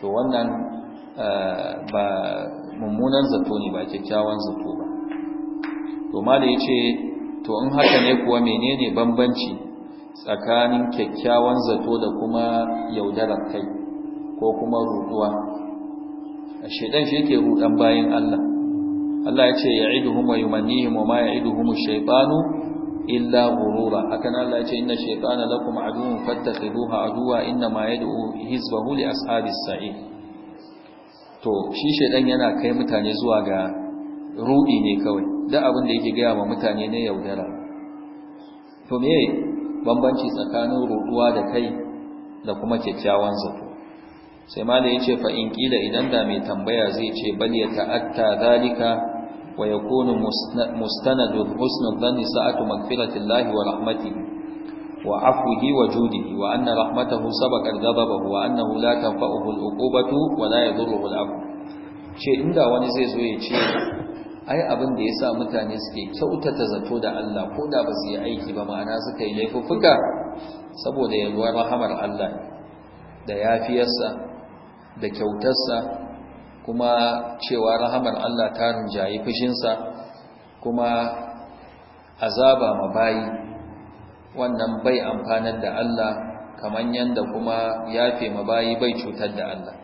to wannan eh, ba mummunan zato ne ba kyakkyawan zato ba to mala ya ce to in haka ne kuwa menene bambanci tsakanin kyakkyawan zato da kuma yaudarar kai ko kuma ruduwa shaidan shi yake rudan bayan Allah Allah ya ce ya'iduhum wa yumannihim wa ma ya'iduhum ash-shaytanu illa ghurura hakan Allah ya ce inna shaytana lakum aduwwun fattakhiduhu aduwwa inna ma yad'u hizbahu li as sa'id to shi shaydan yana kai mutane zuwa ga ruɗi ne kawai duk abin da yake gaya wa mutane ne yaudara to me bambanci tsakanin ruɗuwa da kai da kuma kyakkyawan zato sai da ya ce in kila idan da mai tambaya zai ce bal ya ta'atta zalika ويكون مستند حسن الظن ساعة مغفرة الله ورحمته وعفوه وجوده وأن رحمته سبقت غضبه وأنه لا تنفعه العقوبة ولا يضره العفو ce inda wani zai zo ya ce ai abin da sa mutane suke kyautata zato da Allah ko da ba su yi aiki ba ma'ana suka yi laifuffuka saboda yalwar rahamar Allah da yafiyarsa da kyautarsa kuma cewa rahamar Allah ta rinjayi fushinsa kuma azaba ma bayi wannan bai amfanar da Allah kamar yanda kuma yafe ma bayi bai cutar da Allah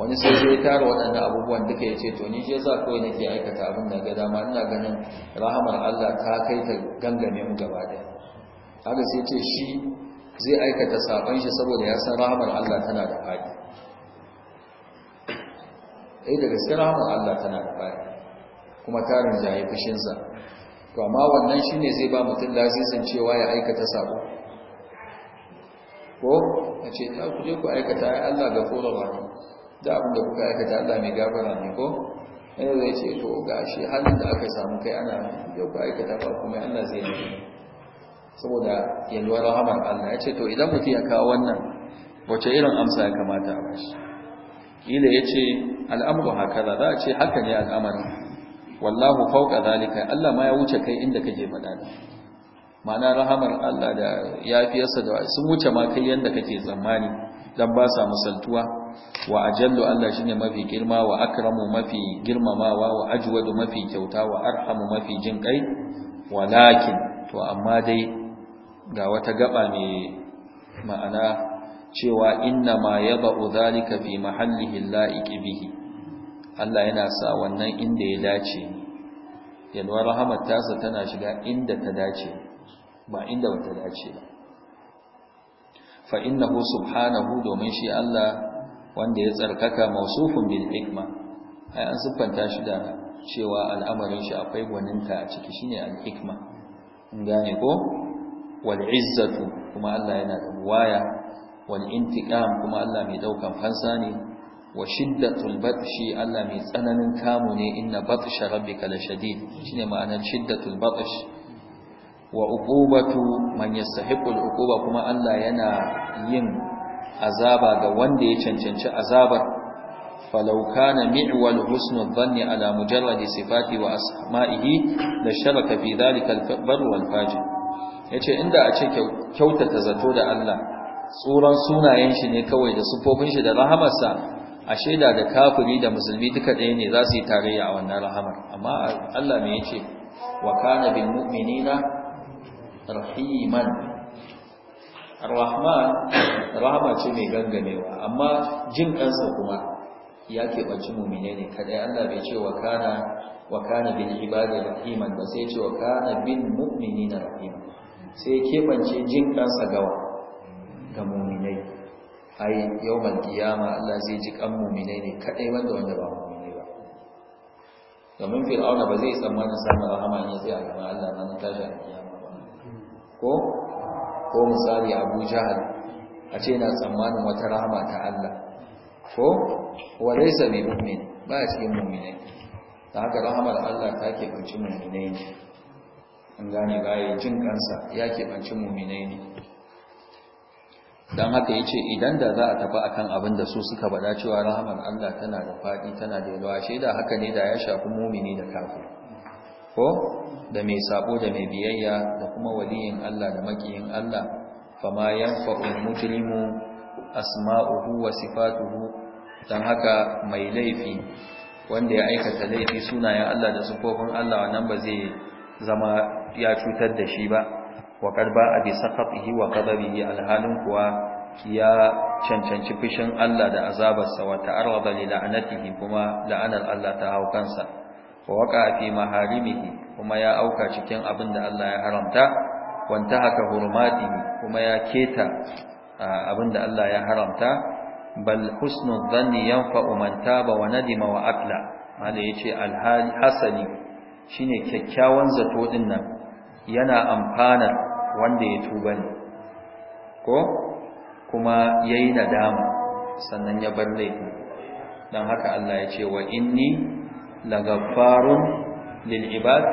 wani sai zai tara waɗannan abubuwan duka yace ce to ni shi yasa kawai nake aikata abin da ga dama ina ganin rahamar Allah ta kai ta gangame mu gaba ɗaya haka sai ce shi zai aikata saban shi saboda ya san rahamar Allah tana da faɗi ɗaya eh, daga gaske rahamar Allah tana da bayan kuma tarin jaye fushinsa to amma wannan shine zai ba mutum san cewa ya aikata sabo ko a ce ta ku je ku aikata ya Allah ga kora ba ne da abinda kuka aikata Allah mai gafara ne ko yanzu zai ce to ga shi halin da aka samu kai ana yau ku aikata ba kuma Allah zai ne saboda yalwar rahamar Allah ya ce to idan mutum ya kawo wannan wace irin amsa ya kamata a bashi ya ce, al'amru hakaza za a ce haka ne al'amarin wallahu fawqa zalika Allah ma ya wuce kai inda kake faɗa da ma'ana rahamar Allah da yafiyarsa da sun wuce ma kai yanda kake tsammani dan ba sa musaltuwa wa ajallu Allah shine mafi girma wa akramu mafi girmamawa wa ajwadu mafi kyauta wa arhamu mafi jin kai walakin to amma dai ga wata gaba mai ma'ana cewa inna ma yaba'u zalika fi mahallihi la'iqi bihi Allah yana sa wannan inda ya dace yalwa ta tasa tana shiga inda ta dace ba inda bata dace ba fa innahu subhanahu domin shi Allah wanda ya tsarkaka mausufun bil hikma ai an siffanta shi da cewa al'amarin shi akwai gwaninta a ciki shine al hikma in gane ko wal izzatu kuma Allah yana da waya wal intiqam kuma Allah mai daukan fansa ne wa shiddatul batshi Allah mai tsananin kamu ne inna batsha rabbika lashadid shine ma'anar shiddatul batsh wa uqubatu man yastahiqul uquba kuma Allah yana yin azaba ga wanda ya cancanci azabar Falaukana, kana mi'wal husnul dhanni ala mujarrad sifati wa asma'ihi la sharaka fi dhalika al-kabar wal fajir yace inda a ce kyautata zato da Allah tsoron sunayen shi ne kawai da siffofin shi da rahamarsa a shaida da kafiri da musulmi duka ɗaya ne za su yi tarayya a wannan rahamar amma Allah me yace wa kana bil mu'minina rahiman ar-rahman rahama ce mai gangamewa amma jin kansa kuma ya bace mu'mine ne kadai Allah bai ce wa kana wa kana bil ibadi rahiman ba sai ce wa kana bil mu'minina rahiman sai keɓance jin kansa gawa ga mu'minai ai yawmal qiyama Allah zai ji kan mu'minai ne kadai wanda wanda ba mu'minai ba domin fir'auna ba zai tsammanin samun rahama ne zai tsaya gaban Allah nan tashi a kiyama ba ko ko misali Abu Jahal a ce yana tsammanin wata rahama ta Allah ko wa laysa bi mu'min ba cikin mu'minai da haka rahamar Allah ta ke banci mu'minai ne an gane baya jin kansa ya ke banci mu'minai ne don haka ya ce idan da za a tafi a kan abin da su suka bada cewa rahaman Allah tana da faɗi tana da yalwa shaida haka ne da ya shafi mumini da kafi. ko da mai sabo da mai biyayya da kuma waliyin Allah da makiyin Allah fama yanfa'ul mujrimu asma'uhu wa sifatuhu don haka mai laifi wanda ya aikata laifi sunayen Allah da sufofin Allah wannan ba zai zama ya cutar da shi ba wa karba abi sakatihi wa qadarihi alhalin kuwa ya cancanci fushin Allah da azabarsa wa ta'arrada li la'natihi kuma la'anar Allah ta hau kansa wa waqa fi maharimihi kuma ya auka cikin abin da Allah ya haramta wanta haka hurmatihi kuma ya keta abin da Allah ya haramta bal husnu dhanni yanfa'u man taba wa nadima wa afla mala yace alhali hasani shine kyakkyawan zato din nan yana amfana wanda ya tuba ne ko kuma ya yi nadama sannan ya bar laifin dan haka Allah ya ce wa inni daga farun ibad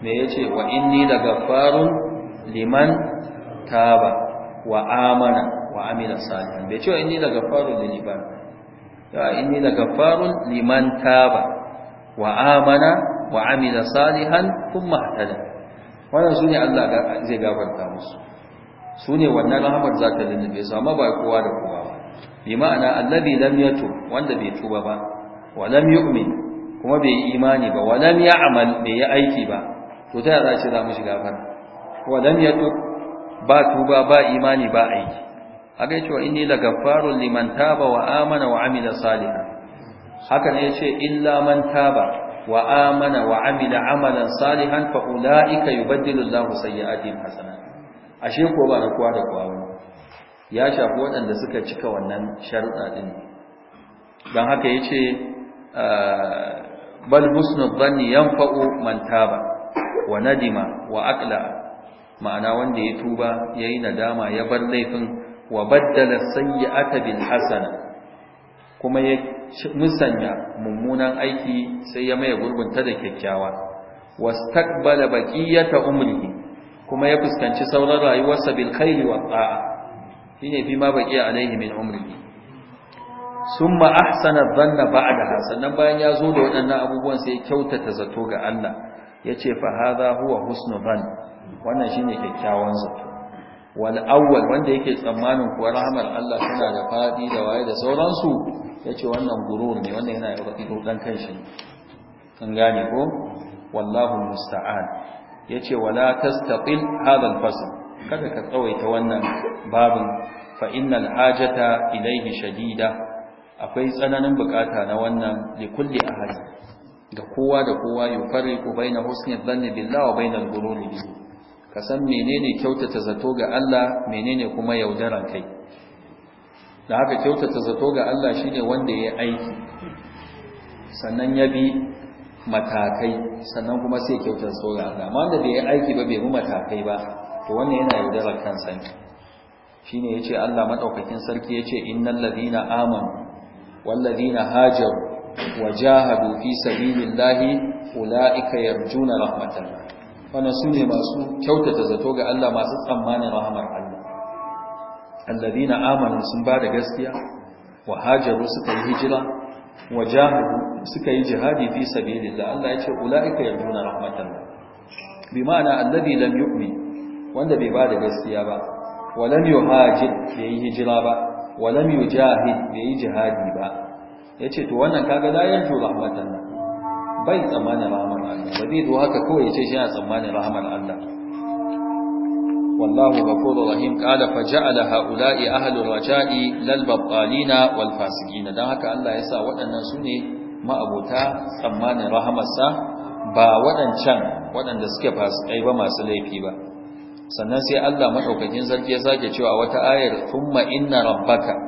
me ya ce wa inni daga farun liman taba wa amana wa amila salihan bai ce wa inni lagaffarun lil ibad ya inni daga farun liman taba wa amana wa amila salihan thumma ihtada wannan su ne Allah zai gafarta musu su ne wannan rahamar za ta lullube su amma ba kowa da kowa ba bi ma'ana allabi lam yatub wanda bai tuba ba wa lam yu'min kuma bai yi imani ba wa lam ya'mal bai yi aiki ba to ta za shi za mu shiga fara wa lam yatub ba tuba ba imani ba aiki haka yace wa inni lagaffarun liman taba wa amana wa amila salihan haka ne yace illa man taba wa amana wa amila amalan salihan fa ulaika yubaddilu Allahu sayyi'atihim hasanat ashe ko ba na kuwa da kowa ya shafi waɗanda suka cika wannan sharuɗa din dan haka yace ah, bal husnul dhanni yanfa'u man taba wa nadima wa akla. ma'ana wanda ya tuba yayi nadama ya bar laifin wa baddala sayyi'ata bil hasana kuma ya musanya mummunan aiki sai ya maye gurbinta da kyakkyawa wastaqbala baqiyata umrihi kuma ya fuskanci sauran rayuwarsa bil khairi wa ta'a shine fi ma baqiya alaihi min umrihi summa ahsana dhanna ba'daha sannan bayan ya zo da waɗannan abubuwan sai ya kyautata zato ga Allah yace fa hadha huwa husnu dhann wannan shine kyakkyawan zato Wal'awwal, wanda yake tsammanin kuwa rahmar Allah tana da faɗi da waye da sauransu ce wannan gurur ne wanda yana ido dan kanshi kan gane ko wallahu musta'an yace wala tastaqil hadha al-fasl kada ka tsawaita wannan babin fa innal hajata ilayhi shadida akwai tsananin bukata na wannan li kulli ahad ga kowa da kowa yufarriqu baina husni dhanni billahi wa baina al-ghururi bihi ka san menene kyautata zato ga Allah menene kuma yaudaran kai da haka kyautata zato ga Allah shine wanda ya aiki sannan ya bi matakai sannan kuma sai kyautar zato ga Allah amma wanda bai yi aiki ba bai bi matakai ba to wannan yana yaudaran kansa ne shine yace Allah madaukakin sarki yace innal ladina amanu wal ladina hajaru wajahadu fi sabilillahi ula'ika أولئك يرجون wannan su ne masu kyautata zato ga Allah masu tsammanin rahamar Allah alladina amanu sun ba da gaskiya wa hajaru suka yi hijira wa jahadu suka yi jihadi fi da Allah ya ce ulaika yarjuna rahmatan bi ma'ana alladhi lam yu'min wanda bai ba da gaskiya ba wa lam yuhajir bai yi hijira ba wa lam yujahid bai yi jihadi ba yace to wannan kaga la rahmatan rahmatallah bai tsammanin rahamar Allah ba zai zo haka kawai ya ce shi yana tsammanin rahamar Allah wallahu ghafurur rahim qala faja'ala haula'i ahlur raja'i lal babqalina wal fasiqina dan haka Allah ya sa waɗannan sune ma'abota tsammanin rahamarsa ba waɗancan waɗanda suke fasikai ba masu laifi ba sannan sai Allah madaukakin zarki ya sake cewa wata ayar thumma inna rabbaka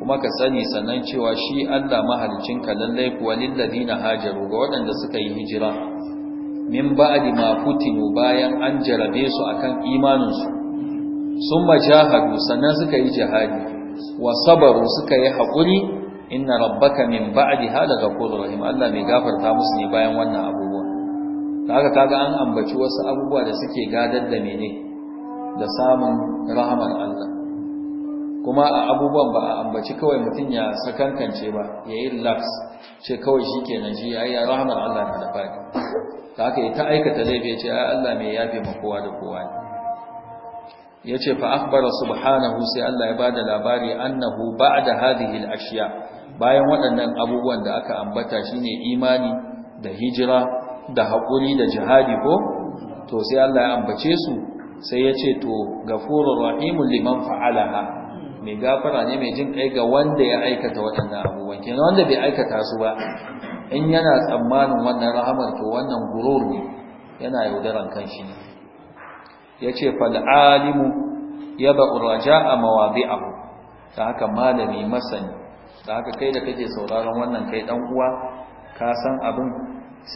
kuma ka sani sannan cewa shi Allah ka lallai kuwa lillazina hajaru ga waɗanda suka yi hijira min ba'di ma futinu bayan an jarabe su akan imanin su sun majahadu sannan suka yi jihadi wa sabaru suka yi haƙuri inna rabbaka min ba'di hada ghafurur rahim Allah mai gafarta musu ne bayan wannan abubuwa da haka kaga an ambaci wasu abubuwa da suke gadar da mene da samun rahaman Allah kuma a abubuwan ba a ambaci kawai mutum ya sakankance ba ya yi lax ce kawai shi ke nan shi ya yi rahamar Allah na da faɗi ta haka yi ta aikata laifi ce ya Allah mai yafe ma kowa da kowa ne ya ce fa akbara subhanahu sai Allah ya bada labari annahu ba'da hadhihi al-ashya bayan waɗannan abubuwan da aka ambata shine imani da hijira da haƙuri da jihadi ko to sai Allah ya ambace su sai ya ce to ghafurur rahimun liman fa'alaha mai gafara ne mai jin kai ga wanda ya aikata waɗannan abubuwan kenan wanda bai aikata su ba in yana tsammanin wannan rahamar to wannan gurur ne yana yaudaran kanshi ne ya ba Uraja a mawabi abu. ta haka malami masani ta haka kai da kake sauraron wannan kai ɗan uwa ka san abin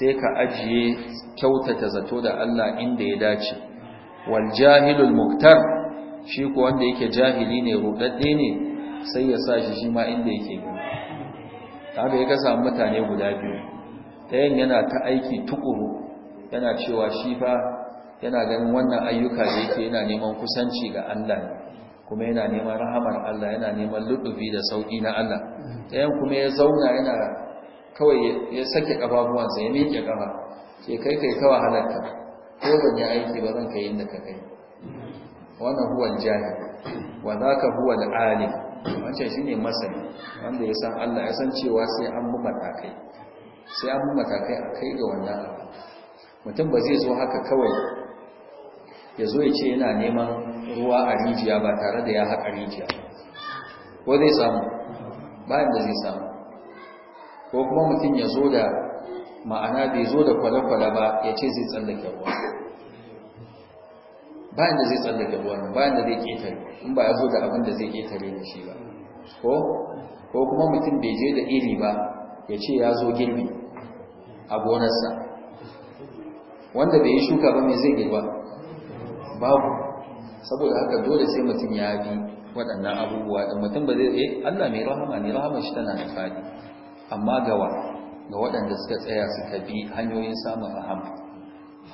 sai ka ajiye kyautata zato da Allah inda ya dace wal jahilul muktar shi ko wanda yake jahili ne rudadde ne sai ya sa shi shi ma inda yake gani haka ya kasa mutane guda biyu Tayan yana ta aiki tukuru yana cewa shi fa yana ganin wannan ayyuka da yake yana neman kusanci ga Allah kuma yana neman rahamar Allah yana neman ludufi da sauki na Allah ɗayan kuma ya zauna yana kawai ya sake ƙafafuwansa ya miƙe ƙafa ke kai kai kawai halarta ko ban yi aiki ba zan kai inda ka kai wannan huwa jahi wa zaka huwa alim wancan ne masani wanda ya san Allah ya san cewa sai an bi matakai sai an bi matakai a kai ga wannan mutum ba zai zo haka kawai ya zo ya ce yana neman ruwa a rijiya ba tare da ya haƙa rijiya ko zai samu bayan da zai samu ko kuma mutum ya zo da ma'ana bai zo da kwale-kwale ba ya ce zai tsallake ruwa bayan da zai tsallake ruwan bayan da zai ketare in ba ya zo da abin da zai ketare da shi ba ko ko kuma mutum bai je da iri ba ya ce ya zo girbi a gonarsa wanda bai yi shuka ba mai zai girba babu saboda haka dole sai mutum ya bi waɗannan abubuwa da mutum ba zai yi. Eh, Allah mai rahama ne rahama shi tana da fadi amma gawa ga waɗanda suka tsaya suka bi hanyoyin samun rahama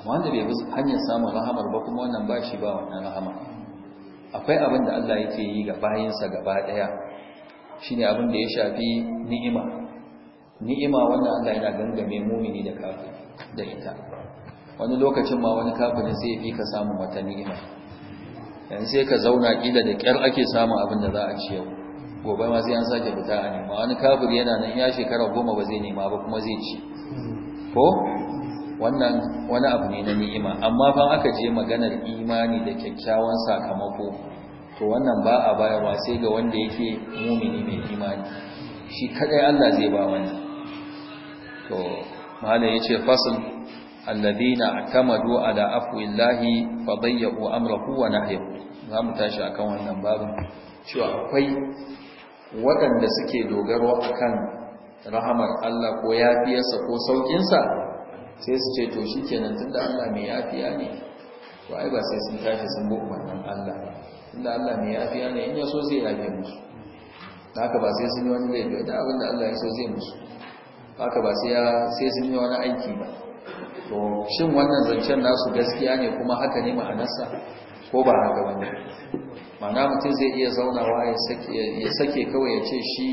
wanda bai bi hanyar samun rahamar ba kuma wannan ba shi ba wannan rahama akwai abin da Allah yake yi ga bayinsa gaba daya ne abin da ya shafi ni'ima ni'ima wannan Allah yana gangame mumini da kafin da ita wani lokacin ma wani kafirin sai fi ka samun wata ni'ima yanzu sai ka zauna kila da kyar ake samun abin da za a ci yau gobe ma sai an sake fita a nema wani kafin yana nan ya shekara goma ba zai nema ba kuma zai ci ko wannan wani abu ne na ni'ima amma fa aka je maganar imani da kyakkyawan sakamako to wannan ba a bayarwa sai ga wanda yake mumini mai imani shi kadai Allah zai ba wani to mala yace fasl alladina atamadu ala afwillahi fadayyu amrahu wa nahyahu zamu tashi akan wannan babin cewa akwai waɗanda suke dogaro akan rahamar Allah ko yafiyarsa ko saukinsa sai su ce to shikenan tunda Allah mai yafiya ne to ai ba sai sun tashi sun bi umarnin Allah tunda Allah mai yafiya ne in ya so zai yafe musu haka ba sai sun yi wani laifi wata abin da Allah ya so zai musu haka ba sai sai sun yi wani aiki ba to shin wannan zancen nasu gaskiya ne kuma haka ne ma'anarsa ko ba haka bane ma'ana mutum zai iya zaunawa ya sake ya sake kawai ya ce shi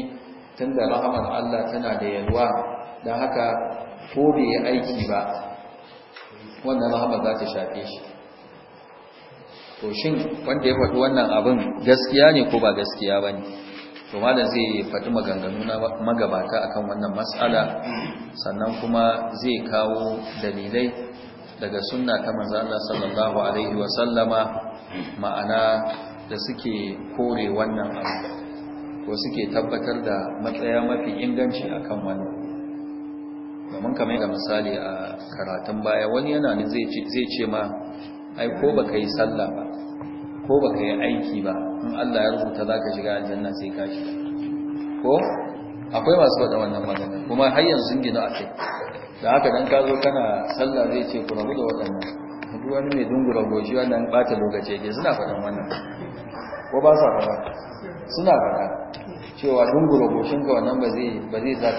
tunda rahamar Allah tana da yalwa dan haka ko bai yi aiki ba wannan rahama za ta shafe shi to shin wanda ya faɗi wannan abin gaskiya ne ko ba gaskiya ba ne to da zai faɗi maganganu na magabata akan wannan matsala sannan kuma zai kawo dalilai daga sunna ta manzo sallallahu alaihi wa ma'ana da suke kore wannan abu ko suke tabbatar da matsaya mafi inganci akan wannan domin kamar ga misali a karatun baya wani yana ne zai ce ma ai ko baka yi sallah ba ko baka yi aiki ba in Allah ya rubuta zaka shiga aljanna sai ka shiga ko akwai masu faɗa wannan magana kuma har yanzu sun gina a kai da haka dan ka zo kana sallah zai ce ku rabu da waɗannan duk wani mai dungura goshi wannan ta lokaci yake suna faɗan wannan ko ba sa faɗa suna faɗa cewa rungura goshinka wannan ba zai ba zai sa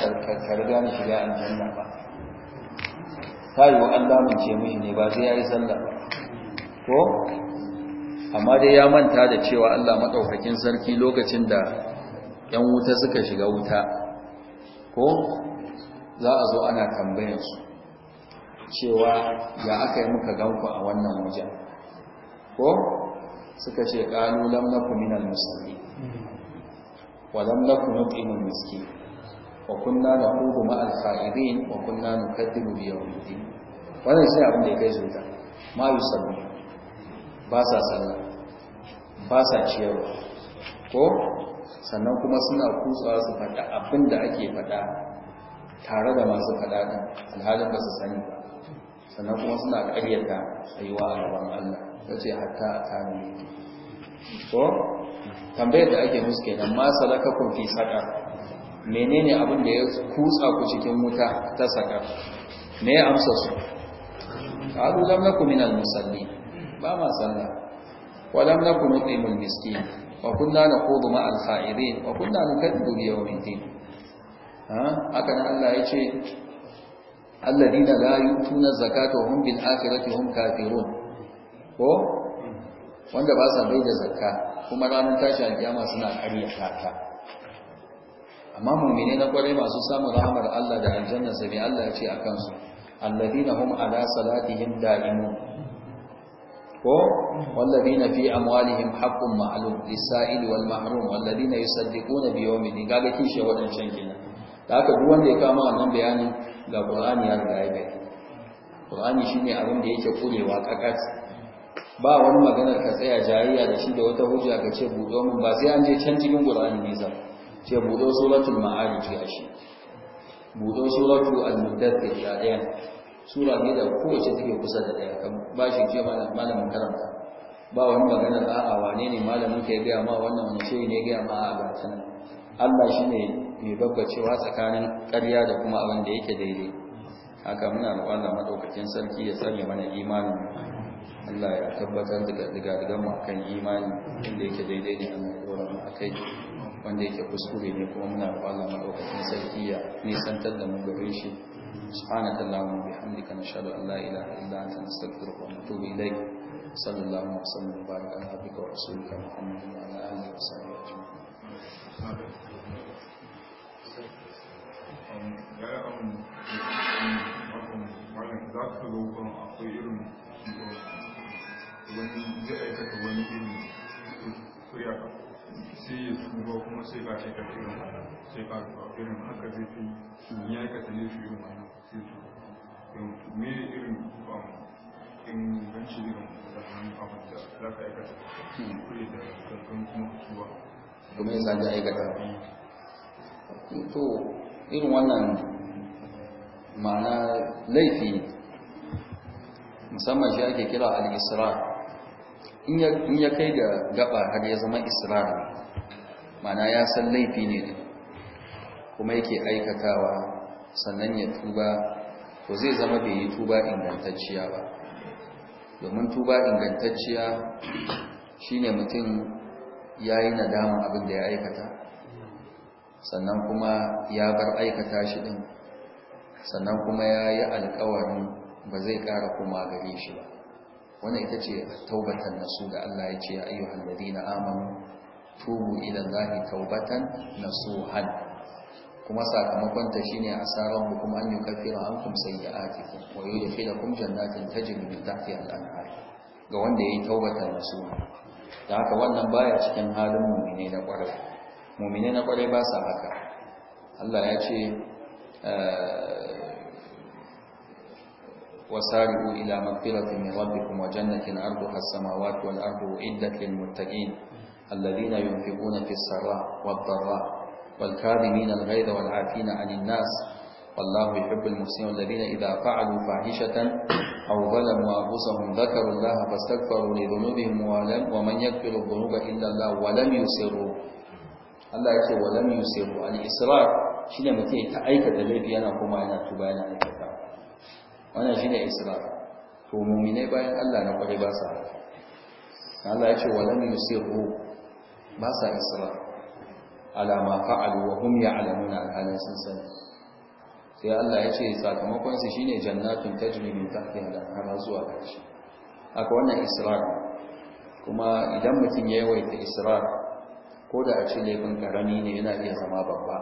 karga ni shiga aljanna ba wa Allah mun ce mishi ne ba zai yi sallah ba ko amma dai ya manta da cewa Allah madaukakin sarki lokacin da yan wuta suka shiga wuta ko za a zo ana tambayar su cewa ya aka yi muka ganku a wannan wajen ko suka ce qalu lam nakum minal musallin ولم نكن نطعم المسكين وكنا نخوض مع الخائضين وكنا نكذب بيوم الدين wannan shi abin da ya kai zuta ma yi sannu ba sa sannu ba sa ciyarwa ko sannan kuma suna kutsawa su faɗa abin da ake faɗa tare da masu faɗa ɗin alhalin ba su sani ba sannan kuma suna ƙaryata tsayuwa a gaban Allah ta ce hatta a tani ko tambayar da ake musu kenan ma salaka kun fi sadar menene abin da ya kutsa ku cikin wuta ta sadar me ya amsa su qalu lam ku minal musallin ba ma sanna wa ku nakum mun miski wa kunna naqudu ma'al kha'irin wa kunna nukadibu bi yawmid din ha haka nan Allah ya ce alladina la yutuna zakata hum bil akhirati hum kafirun ko wanda ba sa bai da zakka kuma ranar tashi alkiyama suna karya ta amma mu'mini na kwarai masu samun rahamar Allah da aljanna sai Allah ya ce a kansu alladina hum ala salatihim da'imun ko walladina fi amwalihim haqqun ma'lum lis wal mahrum walladina yusaddiquna bi yawmin kaga kishe wadancan kenan da haka duk wanda ya kama wannan bayanin ga Qur'ani ya riga Ƙur'ani Qur'ani shine abin da yake kurewa kakat ba wani maganar ka tsaya jayayya da shi da wata hujja ka ce buɗo min ba sai an je can cikin Qur'ani ne sa ce buɗo suratul ma'arij ya shi buɗo suratul al-muddathir ya daya sura ne da kowace take kusa da daya kan ba shi ce malamin karanta ba wani maganar a'a wane ne malamin ka ya gaya ma wannan wani shehi ne ga gaya ma a gatan Allah shi ne mai babbacewa tsakanin ƙarya da kuma abin da yake daidai haka muna roƙon Allah madaukakin sarki ya sanya mana imanin Allah ya tabbatar da daga mu akan imani inda yake daidai ne amma ya mu akai wanda yake kuskure ne kuma muna roƙon Allah madaukakin sarki ya nisantar da mu gare shi سبحانك اللهم وبحمدك lamun ان لا اله الا انت نستغفرك ونتوب اليك صلى الله وسلم وبارك على عبدك ورسولك Ya وعلى اله وصحبه اجمعين wani zai aikata wani irin kuriya sai ya tuba kuma sai ba shi karfi irin sai ba ka irin haka zai fi sun ya aikata ne fi yin wani sai su me irin in um, inganci irin zamanin abin da za ka aikata hmm. kuri da gangan kuma kusurwa domin ya sanya aikata to irin wannan ma'ana laifi musamman shi ake kira al-isra in ya kai ga gaba har ya zama israr mana ya san laifi ne kuma yake aikatawa sannan ya tuba to zai zama bai yi tuba ingantacciya ba domin tuba ingantacciya shine mutum ya yi nadamun abin da ya aikata sannan kuma ya bar aikata shi din sannan kuma ya yi alkawarin ba zai kara kuma gare shi ba wannan ita ce taubatan nasu da Allah ya ce ayyuhal ladina amanu tubu ila Allahi taubatan nasuhan kuma sakamakon ta shine asaran ku kuma an yukaffira ankum sayyi'atikum wa yudkhilukum jannatin tajri min tahtiha al-anhar ga wanda yayi taubatan nasuha da haka wannan baya cikin halin mu'mine na kwarai mu'mine na kwarai ba sa haka Allah ya ce eh, وسارعوا إلى مغفرة من ربكم وجنة أرضها السماوات والأرض أعدت للمتقين الذين ينفقون في السراء والضراء والكاظمين الغيظ والعافين عن الناس والله يحب المحسنين الذين إذا فعلوا فاحشة أو ظلموا أنفسهم ذكروا الله فاستغفروا لذنوبهم ولم ومن يغفر الذنوب إلا الله ولم يسروا الله يقول ولم يسروا lam شنو al-israr shine أنا ya أنا laifi yana kuma wannan ne islam to ne bayan Allah na kwari ba sa Allah ya ce walam yusirru ba sa islam alama ma fa'alu wa hum ya'lamuna alhalin sun sani sai Allah ya ce sakamakon shi ne jannatin tajri min tahtiha al-anhar zuwa ƙarshe haka wannan israr kuma idan mutum ya yawaita israr ko da a ci laifin karami ne yana iya zama babba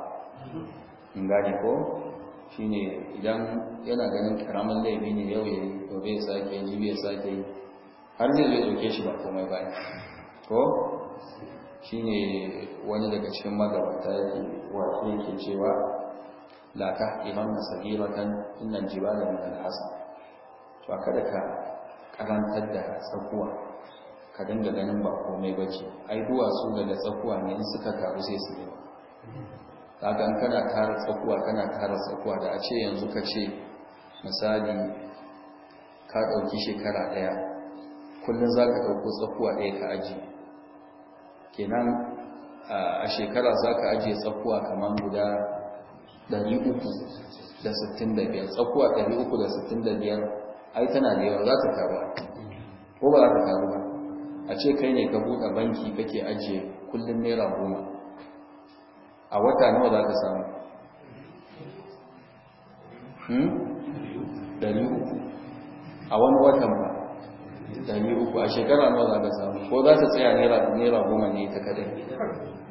in gane ko shine idan yana ganin karamin laifi ne yau ya yi gobe ya sake yi bai ya sake yi har zai zai ɗauke shi ba komai ba ko shine wani daga cikin magabata yake wato yake cewa na sabi watan inan jiba da al-hasa to kada ka karantar da tsakuwa ka dinga ganin ba komai ba ce, ai duwatsu daga tsakuwa ne in suka karu sai su yi kagan kana tara tsakuwa kana tara tsakuwa da a ce yanzu ka ce misali ka ɗauki shekara ɗaya kullum za ka ɗauko tsakuwa ɗaya ka aji kenan a shekara za ka ajiye tsakuwa kamar guda 365 tsakuwa 365 ai tana da yawa za ta taruwa ko ba za ta taru ba a ce kai ne ka buɗe banki kake ajiye kullum naira goma a wata nawa za ka samu hmm? dari uku a wani watan ba dari uku a shekara nawa za ka samu ko za ta tsaya naira goma ne ta kadai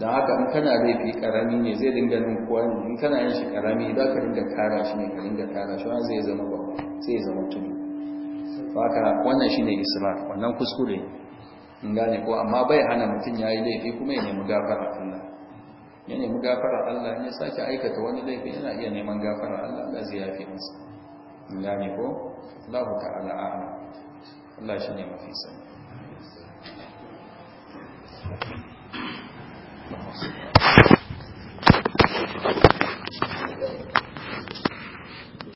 don haka in kana laifi karami ne zai dinga nin koWani? in kana yin shi karami za ka dinga kara shi ne ka dinga kara shi wani zai zama ba sai zama ba haka wannan ne israr wannan kuskure in gane ko amma bai hana mutum ya yi laifi kuma ya nemi gafara Allah ya nemi gafara Allah ya sake aikata wani laifi yana iya neman gafara Allah Allah ziyafi masu masa gane ko Allah ta'ala a'lam Allah ne mafi sani